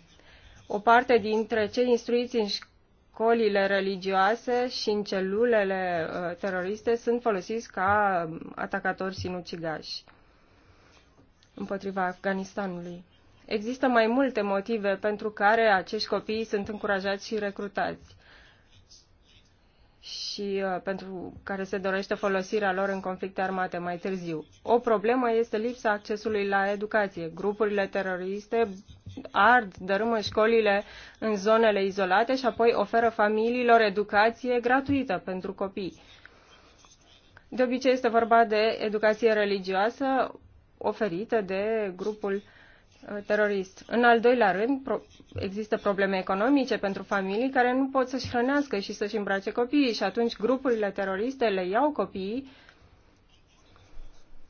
O parte dintre cei instruiți în școlile religioase și în celulele uh, teroriste sunt folosiți ca um, atacatori sinucigași împotriva Afganistanului. Există mai multe motive pentru care acești copii sunt încurajați și recrutați și uh, pentru care se dorește folosirea lor în conflicte armate mai târziu. O problemă este lipsa accesului la educație. Grupurile teroriste ard, dărâmă școlile în zonele izolate și apoi oferă familiilor educație gratuită pentru copii. De obicei este vorba de educație religioasă oferită de grupul Uh, terorist. În al doilea rând, pro- există probleme economice pentru familii care nu pot să-și hrănească și să-și îmbrace copiii și atunci grupurile teroriste le iau copiii,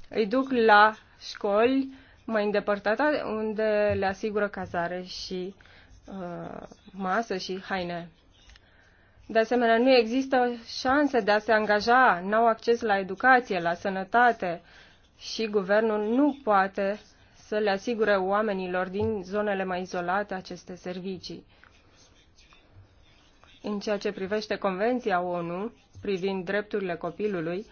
îi duc la școli mai îndepărtate unde le asigură cazare și uh, masă și haine. De asemenea, nu există șanse de a se angaja, n-au acces la educație, la sănătate și guvernul nu poate să le asigure oamenilor din zonele mai izolate aceste servicii. În ceea ce privește Convenția ONU privind drepturile copilului,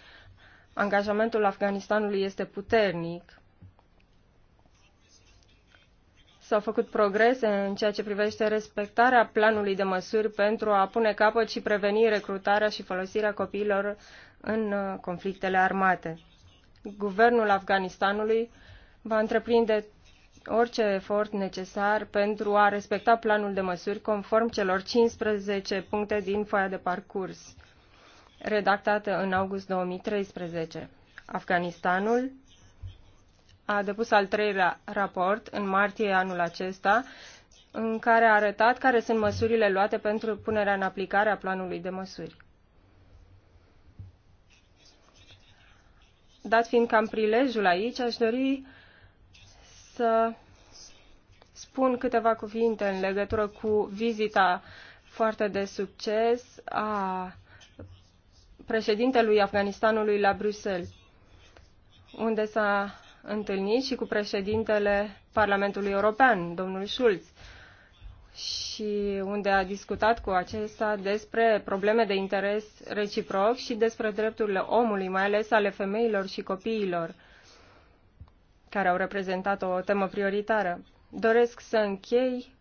angajamentul Afganistanului este puternic. S-au făcut progrese în ceea ce privește respectarea planului de măsuri pentru a pune capăt și preveni recrutarea și folosirea copiilor în uh, conflictele armate. Guvernul Afganistanului va întreprinde orice efort necesar pentru a respecta planul de măsuri conform celor 15 puncte din foaia de parcurs, redactată în august 2013. Afganistanul a depus al treilea raport în martie anul acesta, în care a arătat care sunt măsurile luate pentru punerea în aplicare a planului de măsuri. Dat fiind cam prilejul aici, aș dori să spun câteva cuvinte în legătură cu vizita foarte de succes a președintelui Afganistanului la Bruxelles, unde s-a întâlnit și cu președintele Parlamentului European, domnul Schulz, și unde a discutat cu acesta despre probleme de interes reciproc și despre drepturile omului, mai ales ale femeilor și copiilor care au reprezentat o temă prioritară. Doresc să închei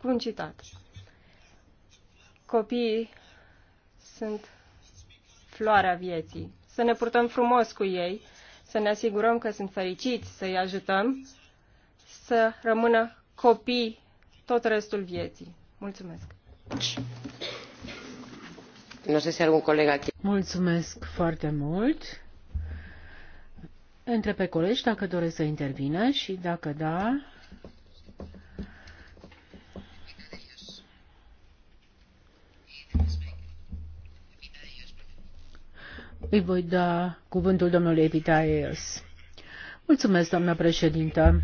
cu un citat. Copiii sunt floarea vieții. Să ne purtăm frumos cu ei, să ne asigurăm că sunt fericiți, să-i ajutăm să rămână copii tot restul vieții. Mulțumesc! Mulțumesc foarte mult! între pe colegi dacă doresc să intervină și dacă da, Îi voi da cuvântul domnului Evitaeus. Mulțumesc, doamna președintă.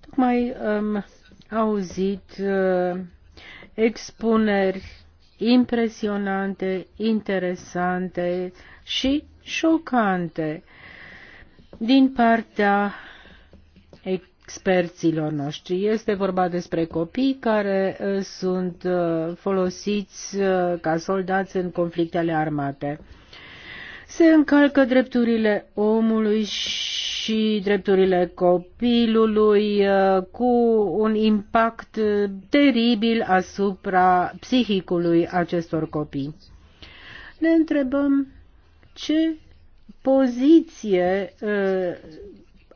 Tocmai am um, auzit uh, expuneri impresionante, interesante și șocante din partea experților noștri. Este vorba despre copii care uh, sunt uh, folosiți uh, ca soldați în conflictele armate se încalcă drepturile omului și drepturile copilului uh, cu un impact teribil asupra psihicului acestor copii. Ne întrebăm ce poziție uh,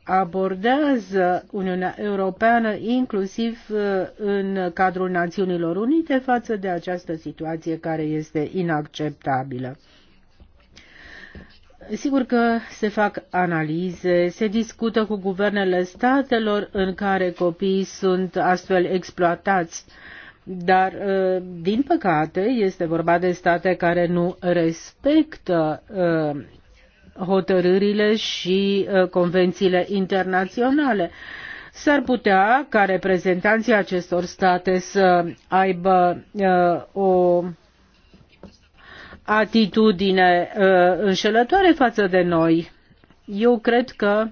abordează Uniunea Europeană inclusiv uh, în cadrul Națiunilor Unite față de această situație care este inacceptabilă. Sigur că se fac analize, se discută cu guvernele statelor în care copiii sunt astfel exploatați, dar, uh, din păcate, este vorba de state care nu respectă uh, hotărârile și uh, convențiile internaționale. S-ar putea ca reprezentanții acestor state să aibă o atitudine uh, înșelătoare față de noi. Eu cred că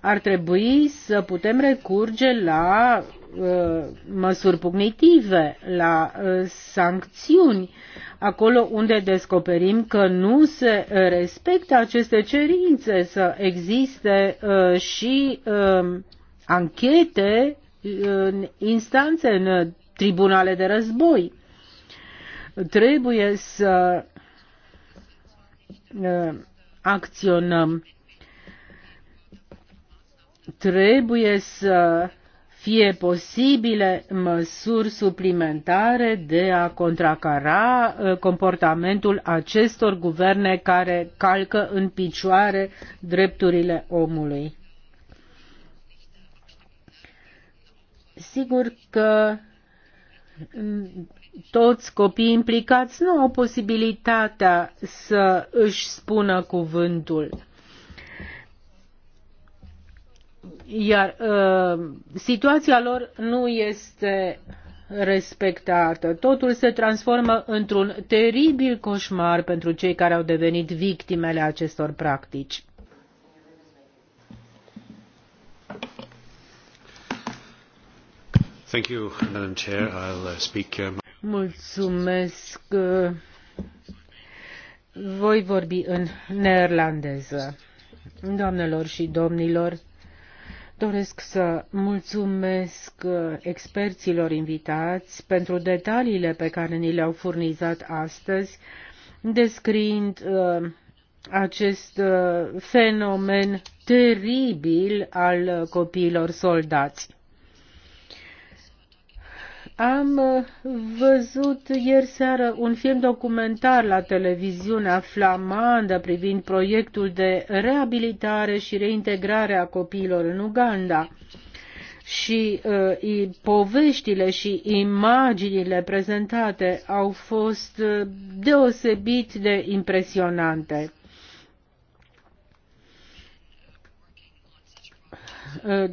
ar trebui să putem recurge la uh, măsuri pugnitive, la uh, sancțiuni, acolo unde descoperim că nu se respectă aceste cerințe, să existe și um, anchete în instanțe, în tribunale de război. Trebuie să acționăm. Trebuie să fie posibile măsuri suplimentare de a contracara comportamentul acestor guverne care calcă în picioare drepturile omului. Sigur că toți copiii implicați nu au posibilitatea să își spună cuvântul. Iar uh, situația lor nu este respectată. Totul se transformă într-un teribil coșmar pentru cei care au devenit victimele acestor practici. Thank you, Madam Chair. I'll uh, speak. Uh, Mulțumesc. Voi vorbi în neerlandeză. Doamnelor și domnilor, doresc să mulțumesc experților invitați pentru detaliile pe care ni le-au furnizat astăzi, descriind uh, acest uh, fenomen teribil al uh, copiilor soldați. Am uh, văzut ieri seară un film documentar la televiziunea flamandă privind proiectul de reabilitare și reintegrare a copiilor în Uganda și uh, poveștile și imaginile prezentate au fost uh, deosebit de impresionante. Eh,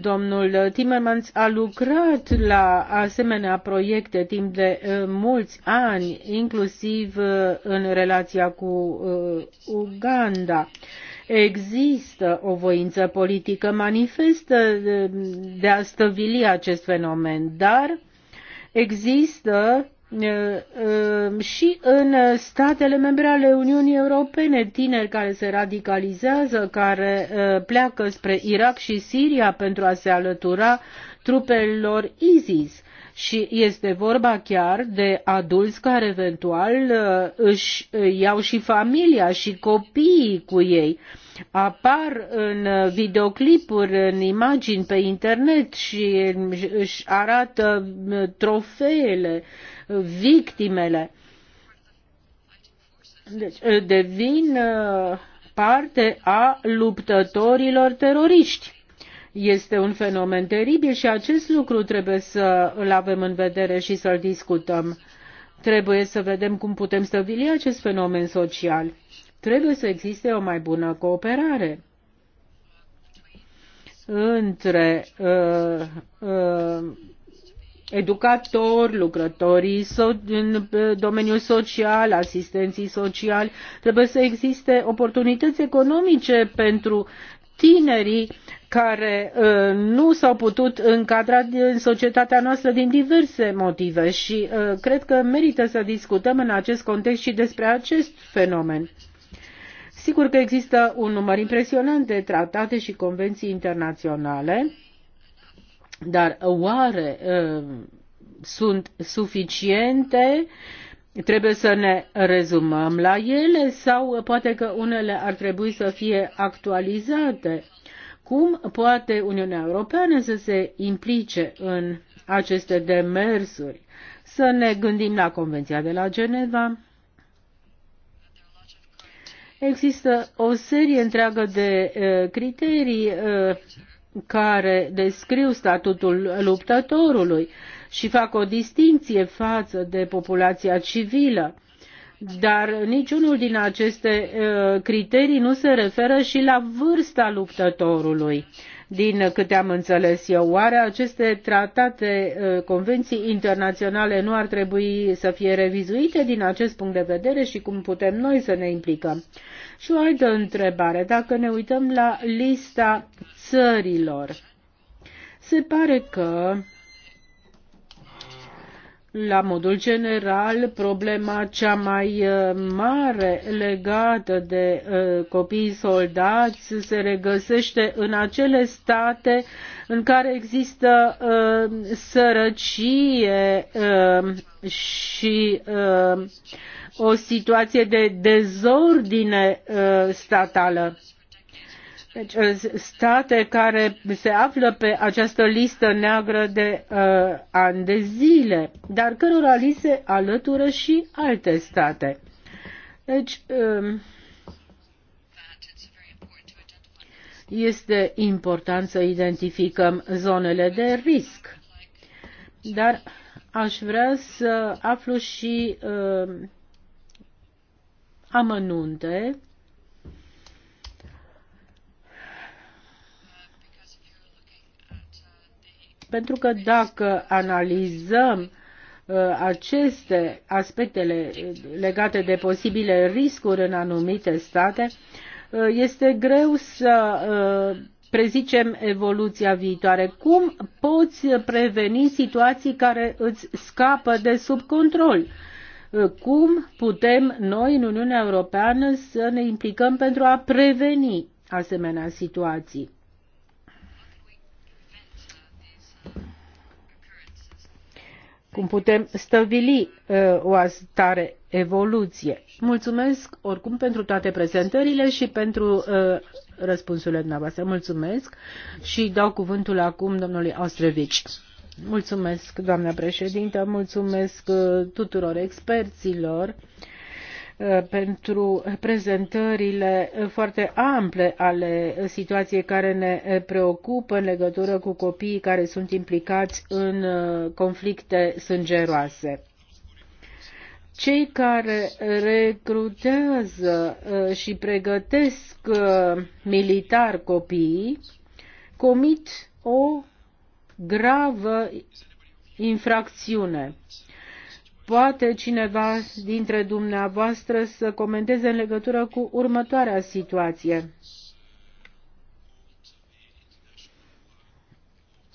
domnul Timmermans a lucrat la asemenea proiecte timp de eh, mulți ani, inclusiv eh, în relația cu Uganda. Există o voință politică manifestă de a stăvili acest fenomen, dar există și în statele membre ale Uniunii Europene, tineri care se radicalizează, care pleacă spre Irak și Siria pentru a se alătura trupelor ISIS. Și este vorba chiar de adulți care eventual își iau și familia și copiii cu ei. Apar în videoclipuri, în imagini pe internet și își arată trofeele uh, victimele. Deci devin uh, parte a luptătorilor teroriști. Este un fenomen teribil și acest lucru trebuie să îl avem în vedere și să-l discutăm. Trebuie să vedem cum putem stabili acest fenomen social. Trebuie să existe o mai bună cooperare între uh, uh, educatori, lucrătorii în domeniul social, asistenții sociali. Trebuie să existe oportunități economice pentru tinerii care uh, nu s-au putut încadra în societatea noastră din diverse motive și uh, cred că merită să discutăm în acest context și despre acest fenomen. Sigur că există un număr impresionant de tratate și convenții internaționale dar oare uh, sunt suficiente? Trebuie să ne rezumăm la ele sau poate că unele ar trebui să fie actualizate? Cum poate Uniunea Europeană să se implice în aceste demersuri? Să ne gândim la Convenția de la Geneva. Există o serie întreagă de uh, criterii uh, care descriu statutul luptătorului și fac o distinție față de populația civilă. Dar niciunul din aceste uh, criterii nu se referă și la vârsta luptătorului. Din câte am înțeles eu, oare aceste tratate, uh, convenții internaționale nu ar trebui să fie revizuite din acest punct de vedere și cum putem noi să ne implicăm? Și o altă întrebare, dacă ne uităm la lista țărilor, se pare că la modul general, problema cea mai uh, mare legată de uh, copiii soldați se regăsește în acele state în care există uh, sărăcie uh, și uh, o situație de dezordine uh, statală. Deci, uh, state care se află pe această listă neagră de uh, ani de zile, dar cărora li se alătură și alte state. Deci, uh, este important să identificăm zonele de risc. Dar aș vrea să aflu și uh, amănunte pentru că dacă analizăm uh, aceste aspectele legate de posibile riscuri în anumite state, uh, este greu să uh, prezicem evoluția viitoare. Cum poți preveni situații care îți scapă de sub control? Uh, cum putem noi în Uniunea Europeană să ne implicăm pentru a preveni asemenea situații. Cum putem stăvili uh, o astare evoluție. Mulțumesc oricum pentru toate prezentările și pentru uh, răspunsurile dumneavoastră. Mulțumesc și dau cuvântul acum domnului Ostrevici. Mulțumesc, doamna președintă, mulțumesc uh, tuturor experților uh, pentru prezentările foarte ample ale situației care ne preocupă în legătură cu copiii care sunt implicați în uh, conflicte sângeroase. Cei care recrutează și pregătesc militar copiii comit o gravă infracțiune. Poate cineva dintre dumneavoastră să comenteze în legătură cu următoarea situație.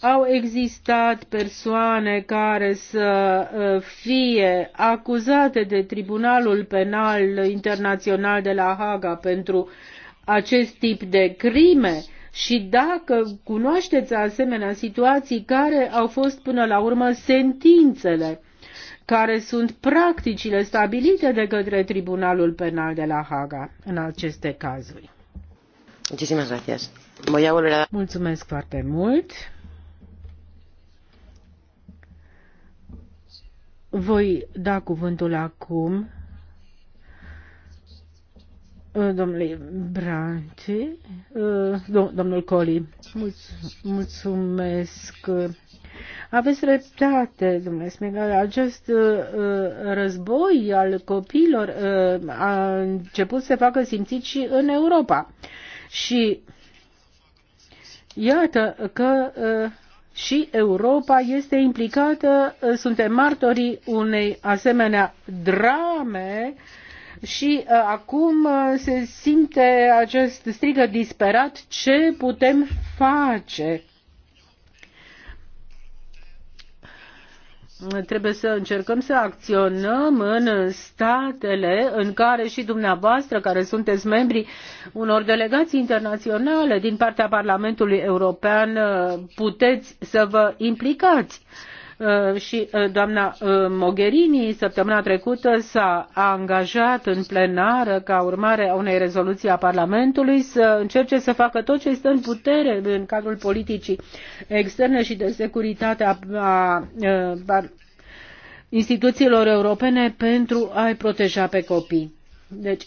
au existat persoane care să uh, fie acuzate de Tribunalul Penal Internațional de la Haga pentru acest tip de crime, și dacă cunoașteți asemenea situații care au fost până la urmă sentințele, care sunt practicile stabilite de către Tribunalul Penal de la Haga în aceste cazuri. Mulțumesc foarte mult. Voi da cuvântul acum Uh, domnule Branti, uh, domnul Coli. Mulțumesc. Aveți dreptate, domnule Smegal, acest uh, război al copiilor a început să facă simțit și în Europa. Și iată că și Europa este implicată, suntem martorii unei asemenea drame uh, și uh, acum uh, se simte acest strigă disperat ce putem face. trebuie să încercăm să acționăm în statele în care și dumneavoastră, care sunteți membri unor delegații internaționale din partea Parlamentului European, uh, puteți să vă implicați. Uh, Uh, și uh, doamna uh, Mogherini săptămâna trecută s-a angajat în plenară ca urmare a unei rezoluții a Parlamentului să încerce să facă tot ce stă în putere în cadrul politicii externe și de securitate a, a, a instituțiilor europene pentru a-i proteja pe copii. Deci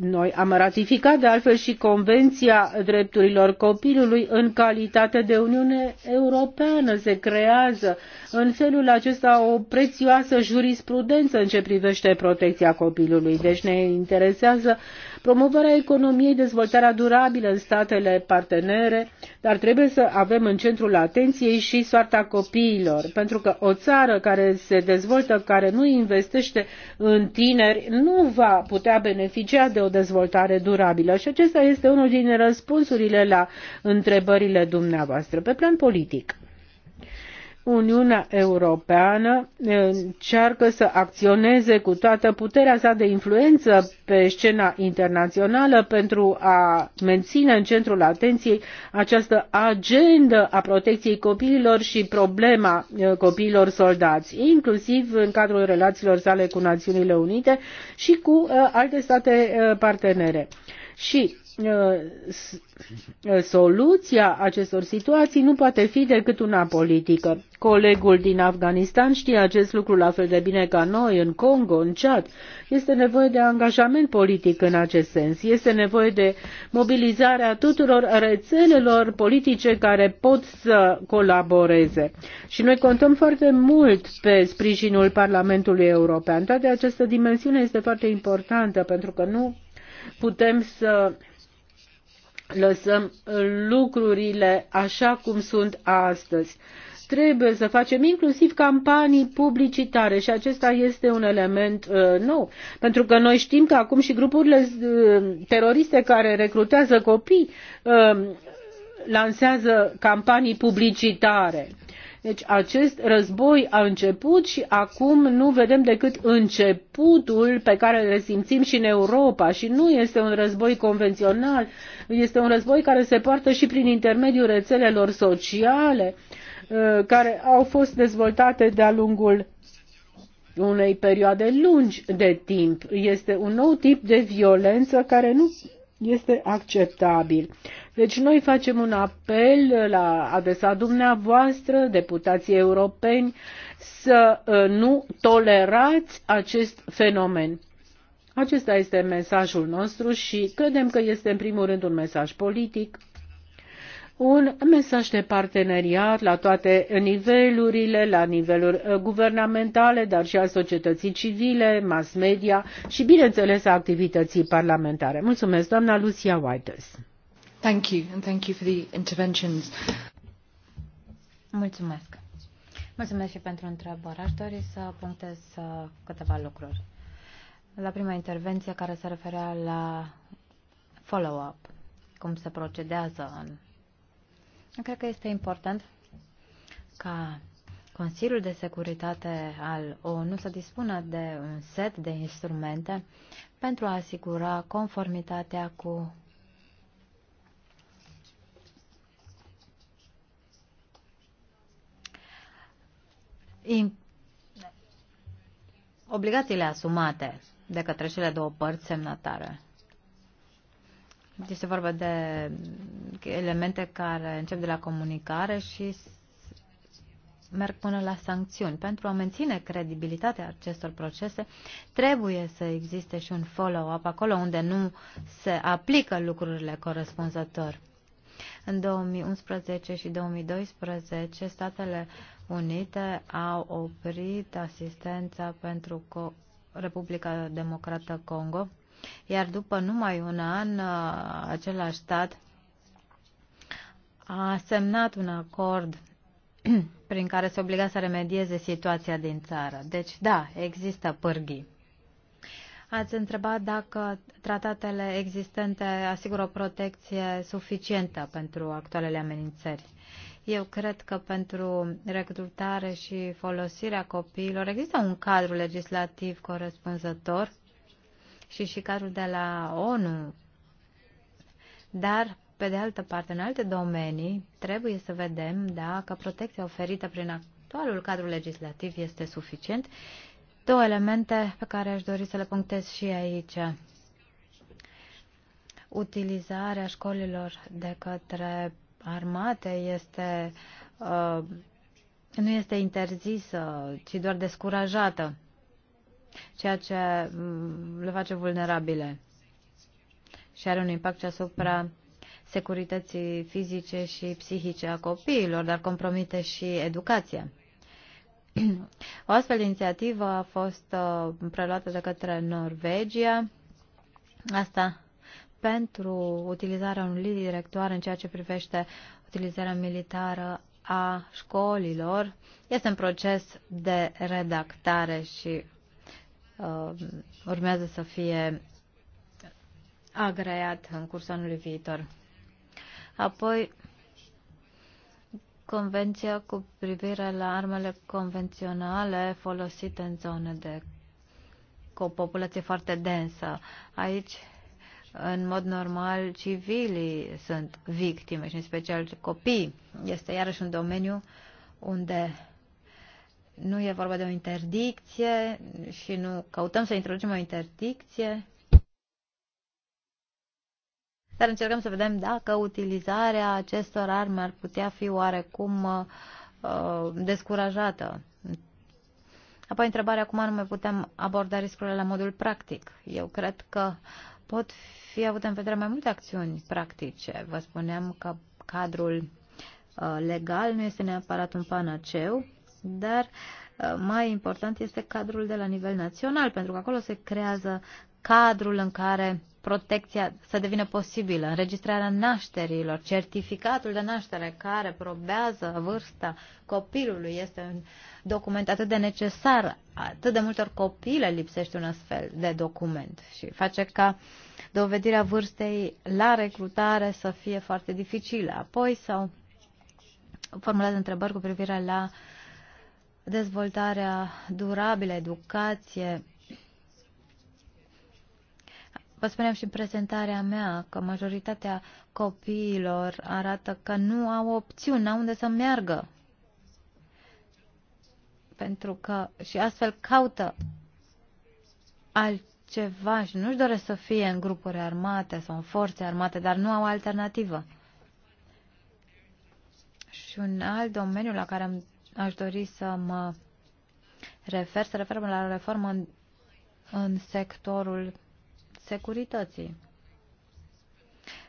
noi am ratificat de altfel și Convenția Drepturilor Copilului în calitate de Uniune Europeană. Se creează în felul acesta o prețioasă jurisprudență în ce privește protecția copilului. Deci ne interesează promovarea economiei, dezvoltarea durabilă în statele partenere, dar trebuie să avem în centrul atenției și soarta copiilor, pentru că o țară care se dezvoltă, care nu investește în tineri, nu va putea beneficia de o dezvoltare durabilă. Și acesta este unul din răspunsurile la întrebările dumneavoastră pe plan politic. Uniunea Europeană încearcă să acționeze cu toată puterea sa de influență pe scena internațională pentru a menține în centrul atenției această agendă a protecției copiilor și problema copiilor soldați, inclusiv în cadrul relațiilor sale cu Națiunile Unite și cu alte state partenere. Și uh, uh, soluția acestor situații nu poate fi decât una politică. Colegul din Afganistan știe acest lucru la fel de bine ca noi, în Congo, în Chad. Este nevoie de angajament politic în acest sens. Este nevoie de mobilizarea tuturor rețelelor politice care pot să colaboreze. Și noi contăm foarte mult pe sprijinul Parlamentului European. Toate această dimensiune este foarte importantă pentru că nu putem să lăsăm lucrurile așa cum sunt astăzi. Trebuie să facem inclusiv campanii publicitare și acesta este un element uh, nou, pentru că noi știm că acum și grupurile uh, teroriste care recrutează copii uh, lansează campanii publicitare. Deci acest război a început și acum nu vedem decât începutul pe care îl simțim și în Europa și nu este un război convențional, este un război care se poartă și prin intermediul rețelelor sociale uh, care au fost dezvoltate de-a lungul unei perioade lungi de timp. Este un nou tip de violență care nu este acceptabil. Deci noi facem un apel la adresa dumneavoastră, deputații europeni, să ă, nu tolerați acest fenomen. Acesta este mesajul nostru și credem că este în primul rând un mesaj politic, un mesaj de parteneriat la toate nivelurile, la niveluri ă, guvernamentale, dar și al societății civile, mass media și, bineînțeles, a activității parlamentare. Mulțumesc, doamna Lucia Whites. Mulțumesc. Mulțumesc și pentru întrebări. Aș dori să punctez uh, câteva lucruri. La prima intervenție care se referea la follow-up, cum se procedează în... Cred că este important ca Consiliul de Securitate al ONU să dispună de un set de instrumente pentru a asigura conformitatea cu obligațiile asumate de către cele două părți semnatare. Este vorba de elemente care încep de la comunicare și merg până la sancțiuni. Pentru a menține credibilitatea acestor procese, trebuie să existe și un follow-up acolo unde nu se aplică lucrurile corespunzător. În 2011 și 2012, Statele Unite au oprit asistența pentru Republica Democrată Congo, iar după numai un an, același stat a semnat un acord prin care se obliga să remedieze situația din țară. Deci, da, există pârghii. Ați întrebat dacă tratatele existente asigură o protecție suficientă pentru actualele amenințări. Eu cred că pentru recrutare și folosirea copiilor există un cadru legislativ corespunzător și și cadrul de la ONU. Dar, pe de altă parte, în alte domenii, trebuie să vedem dacă protecția oferită prin actualul cadru legislativ este suficient două elemente pe care aș dori să le punctez și aici. Utilizarea școlilor de către armate este, uh, nu este interzisă, ci doar descurajată, ceea ce mm, le face vulnerabile și are un impact și asupra securității fizice și psihice a copiilor, dar compromite și educația. O astfel de inițiativă a fost uh, preluată de către Norvegia. Asta pentru utilizarea unui lider directoare în ceea ce privește utilizarea militară a școlilor. Este în proces de redactare și uh, urmează să fie agreat în cursul anului viitor. Apoi, Convenția cu privire la armele convenționale folosite în zone de, cu o populație foarte densă. Aici, în mod normal, civilii sunt victime și în special copii. Este iarăși un domeniu unde nu e vorba de o interdicție și nu căutăm să introducem o interdicție, dar încercăm să vedem dacă utilizarea acestor arme ar putea fi oarecum uh, descurajată. Apoi întrebarea cum anume putem aborda riscurile la modul practic. Eu cred că pot fi avute în vedere mai multe acțiuni practice. Vă spuneam că cadrul uh, legal nu este neapărat un panaceu, dar uh, mai important este cadrul de la nivel național, pentru că acolo se creează cadrul în care protecția să devină posibilă, înregistrarea nașterilor, certificatul de naștere care probează vârsta copilului este un document atât de necesar, atât de multor copii le lipsește un astfel de document și face ca dovedirea vârstei la recrutare să fie foarte dificilă. Apoi sau formulează întrebări cu privire la dezvoltarea durabilă, educație, Vă spuneam și în prezentarea mea că majoritatea copiilor arată că nu au opțiuni, n-au unde să meargă. Pentru că și astfel caută altceva și nu-și doresc să fie în grupuri armate sau în forțe armate, dar nu au alternativă. Și un alt domeniu la care am, aș dori să mă refer, să refer la reformă în, în sectorul securității.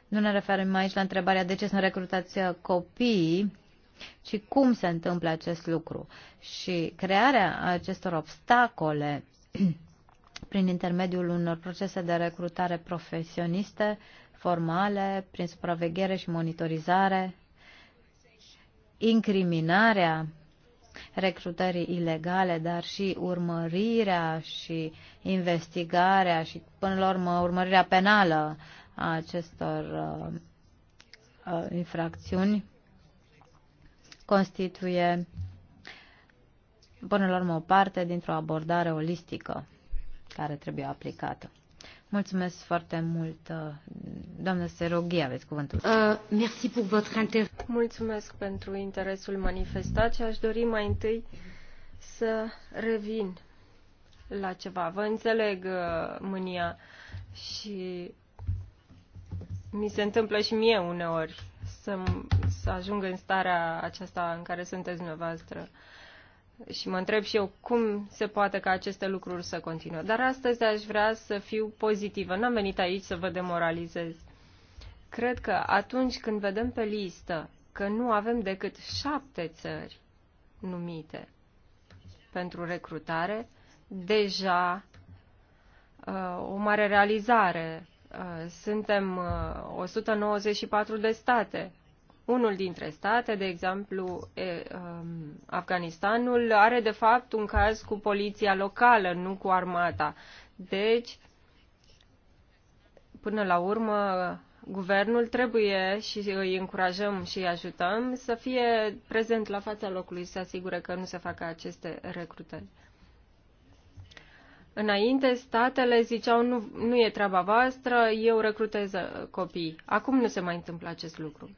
Nu ne referim aici la întrebarea de ce sunt recrutați copiii, ci cum se întâmplă acest lucru. Și crearea acestor obstacole prin intermediul unor procese de recrutare profesioniste, formale, prin supraveghere și monitorizare, incriminarea recrutării ilegale, dar și urmărirea și investigarea și, până la urmă, urmărirea penală a acestor uh, uh, infracțiuni constituie, până la urmă, o parte dintr-o abordare olistică care trebuie aplicată. Mulțumesc foarte mult, uh, doamnă Seroghi, aveți cuvântul. Uh, merci pour votre inter... Mulțumesc pentru interesul manifestat și aș dori mai întâi să revin la ceva. Vă înțeleg uh, mânia și mi se întâmplă și mie uneori să, să ajung în starea aceasta în care sunteți dumneavoastră. Uh, și mă întreb și eu cum se poate ca aceste lucruri să continue. Dar astăzi aș vrea să fiu pozitivă. N-am venit aici să vă demoralizez. Cred că atunci când vedem pe listă că nu avem decât șapte țări numite pentru recrutare, deja uh, o mare realizare. Uh, suntem uh, 194 de state unul dintre state, de exemplu um, Afganistanul, are de fapt un caz cu poliția locală, nu cu armata. Deci, până la urmă, guvernul trebuie și îi încurajăm și îi ajutăm să fie prezent la fața locului, să asigure că nu se facă aceste recrutări. Înainte, statele ziceau, nu, nu e treaba voastră, eu recrutez uh, copii. Acum nu se mai întâmplă acest lucru.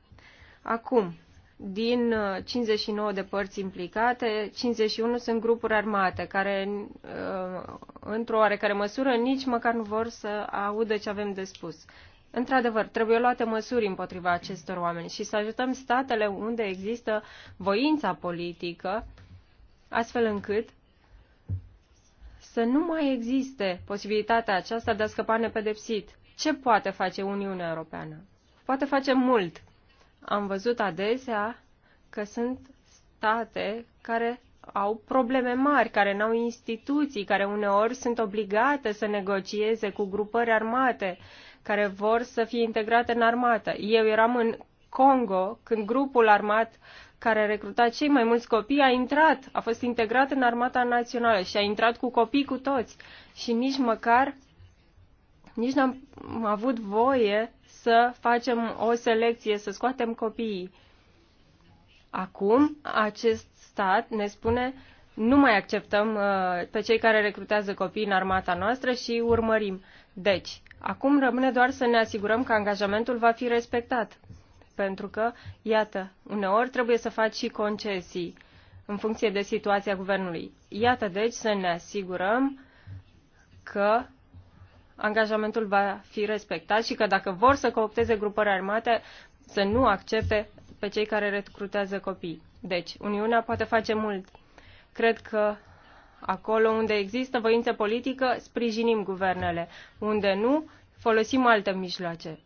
Acum, din 59 uh, de părți implicate, 51 sunt grupuri armate care, uh, într-o oarecare măsură, nici măcar nu vor să audă ce avem de spus. Într-adevăr, trebuie luate măsuri împotriva acestor oameni și să ajutăm statele unde există voința politică, astfel încât să nu mai existe posibilitatea aceasta de a scăpa nepedepsit. Ce poate face Uniunea Europeană? Poate face mult am văzut adesea că sunt state care au probleme mari, care n-au instituții, care uneori sunt obligate să negocieze cu grupări armate, care vor să fie integrate în armată. Eu eram în Congo când grupul armat care recruta cei mai mulți copii a intrat, a fost integrat în armata națională și a intrat cu copii cu toți. Și nici măcar, nici n-am avut voie să facem o selecție, să scoatem copiii. Acum, acest stat ne spune nu mai acceptăm uh, pe cei care recrutează copii în armata noastră și urmărim. Deci, acum rămâne doar să ne asigurăm că angajamentul va fi respectat. Pentru că, iată, uneori trebuie să faci și concesii în funcție de situația guvernului. Iată, deci, să ne asigurăm că angajamentul va fi respectat și că dacă vor să coopteze grupări armate, să nu accepte pe cei care recrutează copii. Deci, Uniunea poate face mult. Cred că acolo unde există voință politică, sprijinim guvernele. Unde nu, folosim alte mijloace.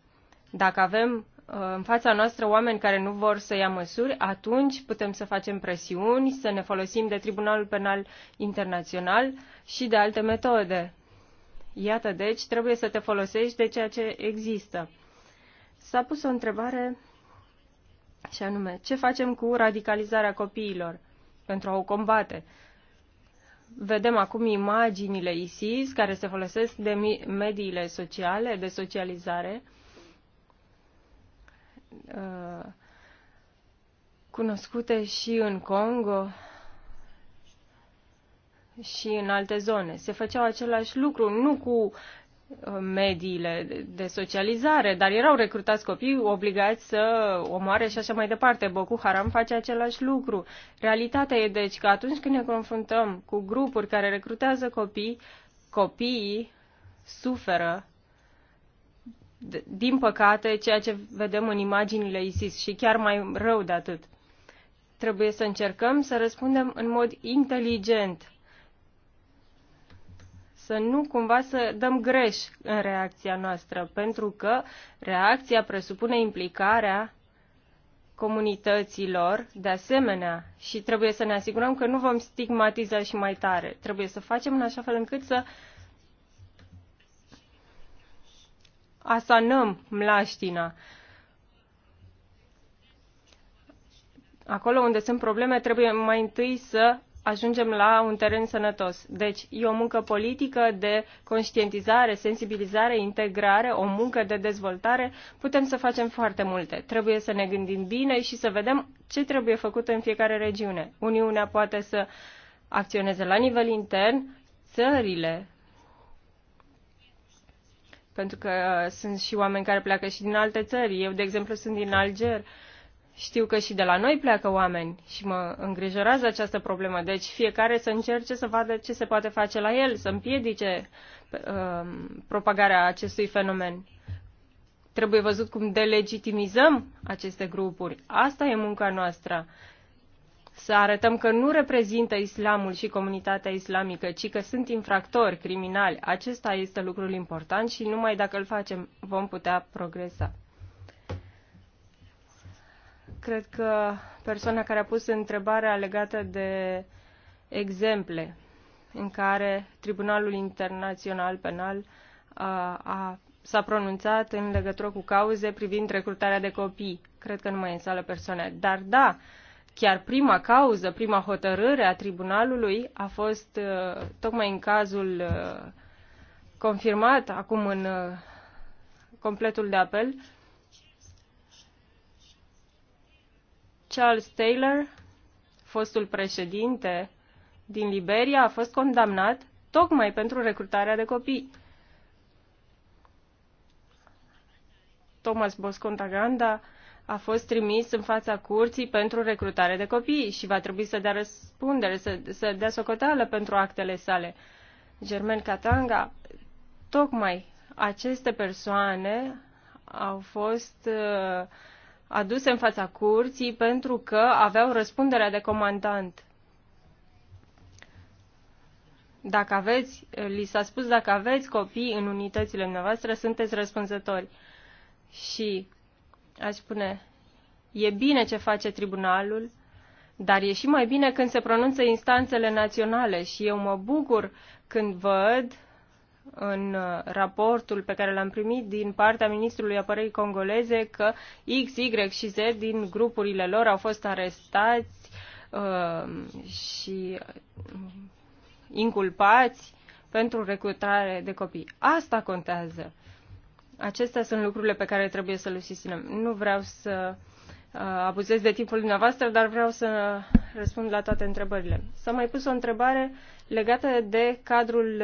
Dacă avem uh, în fața noastră oameni care nu vor să ia măsuri, atunci putem să facem presiuni, să ne folosim de Tribunalul Penal Internațional și de alte metode. Iată, deci, trebuie să te folosești de ceea ce există. S-a pus o întrebare și anume, ce facem cu radicalizarea copiilor pentru a o combate? Vedem acum imaginile ISIS care se folosesc de mediile sociale, de socializare. Uh, cunoscute și în Congo, și în alte zone. Se făceau același lucru, nu cu uh, mediile de socializare, dar erau recrutați copii obligați să omoare și așa mai departe. Boko Haram face același lucru. Realitatea e deci că atunci când ne confruntăm cu grupuri care recrutează copii, copiii suferă din păcate, ceea ce vedem în imaginile ISIS și chiar mai rău de atât. Trebuie să încercăm să răspundem în mod inteligent să nu cumva să dăm greș în reacția noastră, pentru că reacția presupune implicarea comunităților, de asemenea, și trebuie să ne asigurăm că nu vom stigmatiza și mai tare. Trebuie să facem în așa fel încât să asanăm mlaștina. Acolo unde sunt probleme, trebuie mai întâi să ajungem la un teren sănătos. Deci e o muncă politică de conștientizare, sensibilizare, integrare, o muncă de dezvoltare. Putem să facem foarte multe. Trebuie să ne gândim bine și să vedem ce trebuie făcut în fiecare regiune. Uniunea poate să acționeze la nivel intern, țările pentru că sunt și oameni care pleacă și din alte țări. Eu, de exemplu, sunt din Alger. Uh, știu că și de la noi pleacă oameni și mă îngrijorează această problemă. Deci fiecare să încerce să vadă ce se poate face la el, să împiedice uh, propagarea acestui fenomen. Trebuie văzut cum delegitimizăm aceste grupuri. Asta e munca noastră. Să arătăm că nu reprezintă islamul și comunitatea islamică, ci că sunt infractori, criminali. Acesta este lucrul important și numai dacă îl facem vom putea progresa. Cred că persoana care a pus întrebarea legată de exemple în care Tribunalul Internațional Penal a, a, s-a pronunțat în legătură cu cauze privind recrutarea de copii. Cred că nu mai e în sală persoane. Dar da, chiar prima cauză, prima hotărâre a tribunalului a fost uh, tocmai în cazul uh, confirmat acum în uh, completul de apel Charles Taylor, fostul președinte din Liberia, a fost condamnat tocmai pentru recrutarea de copii. Thomas Boscontaganda a fost trimis în fața curții pentru recrutare de copii și va trebui să dea răspundere, să, să dea socoteală pentru actele sale. Germain Katanga, tocmai aceste persoane au fost uh, aduse în fața curții pentru că aveau răspunderea de comandant. Dacă aveți, li s-a spus, dacă aveți copii în unitățile noastre, sunteți răspunzători. Și aș spune, e bine ce face tribunalul, dar e și mai bine când se pronunță instanțele naționale și eu mă bucur când văd în uh, raportul pe care l-am primit din partea ministrului apărării congoleze că X, Y și Z din grupurile lor au fost arestați uh, și uh, inculpați pentru recrutare de copii. Asta contează. Acestea sunt lucrurile pe care trebuie să le susținem. Nu vreau să abuzez de timpul dumneavoastră, dar vreau să răspund la toate întrebările. S-a mai pus o întrebare legată de cadrul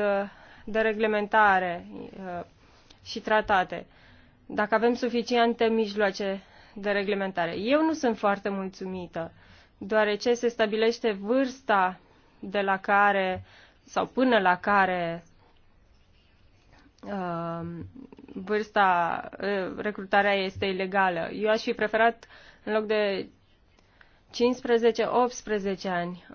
de reglementare uh, și tratate, dacă avem suficiente mijloace de reglementare. Eu nu sunt foarte mulțumită, deoarece se stabilește vârsta de la care sau până la care uh, vârsta, uh, recrutarea este ilegală. Eu aș fi preferat, în loc de 15-18 ani,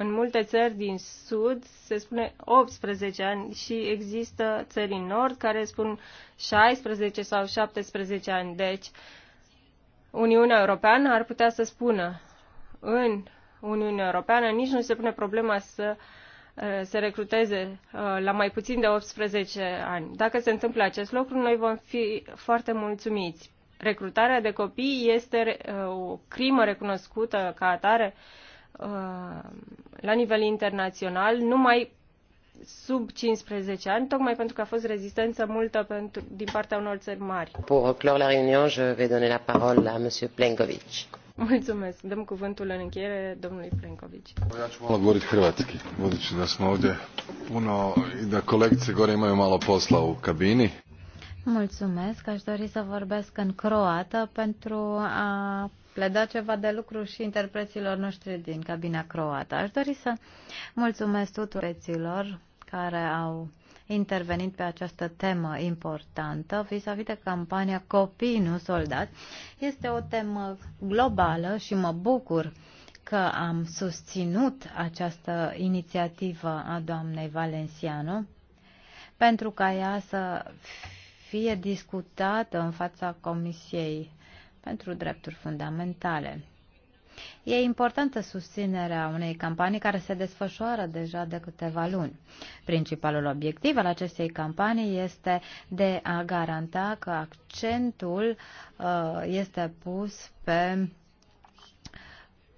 în multe țări din sud se spune 18 ani și există țări în nord care spun 16 sau 17 ani. Deci, Uniunea Europeană ar putea să spună în Uniunea Europeană nici nu se pune problema să uh, se recruteze uh, la mai puțin de 18 ani. Dacă se întâmplă acest lucru, noi vom fi foarte mulțumiți. Recrutarea de copii este uh, o crimă recunoscută ca atare Uh, la nivel internațional numai sub 15 ani, tocmai pentru că a fost rezistență multă pentru, din partea unor țări mari. Pour clore la réunion, je vais donner la parole à monsieur Plenković. Mulțumesc. Dăm cuvântul în încheiere domnului Plenković. Ja ću hrvatski, budući da smo ovdje puno i da kolegice gore imaju malo posla u kabini. Mulțumesc. Aș dori să vorbesc în croată pentru a le ceva de lucru și interpreților noștri din cabina croată. Aș dori să mulțumesc tuturor care au intervenit pe această temă importantă vis a -vis de campania Copii, nu soldați. Este o temă globală și mă bucur că am susținut această inițiativă a doamnei Valenciano pentru ca ea să fie discutată în fața Comisiei pentru drepturi fundamentale. E importantă susținerea unei campanii care se desfășoară deja de câteva luni. Principalul obiectiv al acestei campanii este de a garanta că accentul uh, este pus pe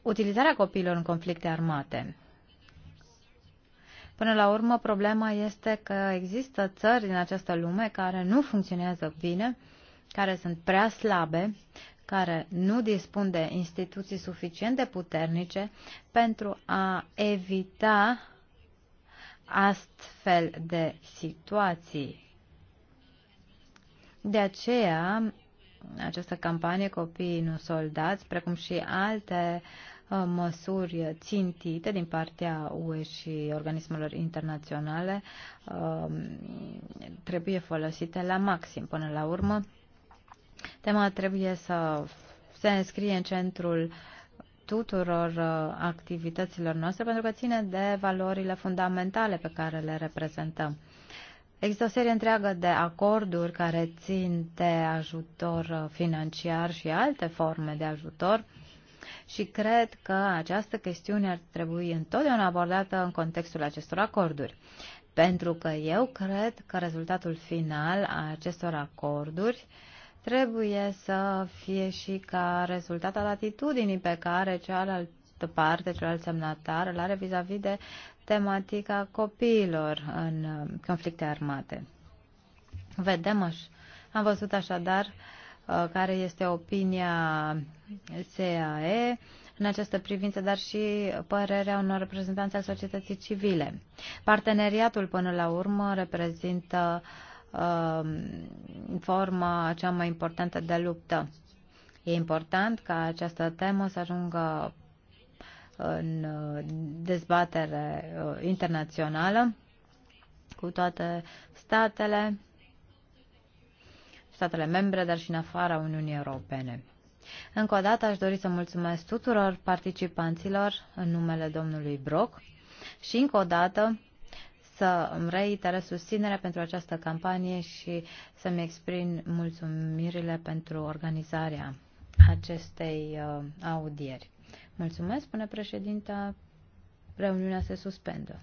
utilizarea copiilor în conflicte armate. Până la urmă, problema este că există țări din această lume care nu funcționează bine, care sunt prea slabe, care nu dispun de instituții suficient de puternice pentru a evita astfel de situații. De aceea, această campanie Copiii nu soldați, precum și alte uh, măsuri țintite din partea UE și organismelor internaționale uh, trebuie folosite la maxim. Până la urmă, Tema trebuie să se înscrie în centrul tuturor uh, activităților noastre pentru că ține de valorile fundamentale pe care le reprezentăm. Există o serie întreagă de acorduri care țin de ajutor uh, financiar și alte forme de ajutor și cred că această chestiune ar trebui întotdeauna abordată în contextul acestor acorduri. Pentru că eu cred că rezultatul final a acestor acorduri uh, trebuie să fie și ca rezultat al atitudinii pe care cealaltă parte, celălalt semnatar, îl are vis-a-vis -vis de tematica copiilor în uh, conflicte armate. Vedem, aș, am văzut așadar uh, care este opinia C.A.E. în această privință, dar și părerea unor reprezentanți al societății civile. Parteneriatul, până la urmă, reprezintă uh, Um, forma cea mai importantă de luptă. E important ca această temă să ajungă în uh, dezbatere uh, internațională cu toate statele, statele membre, dar și în afara Uniunii Europene. Încă o dată aș dori să mulțumesc tuturor participanților în numele domnului Brock și încă o dată să îmi reitere susținerea pentru această campanie și să-mi exprim mulțumirile pentru organizarea acestei uh, audieri. Mulțumesc, spune președinta, reuniunea se suspendă.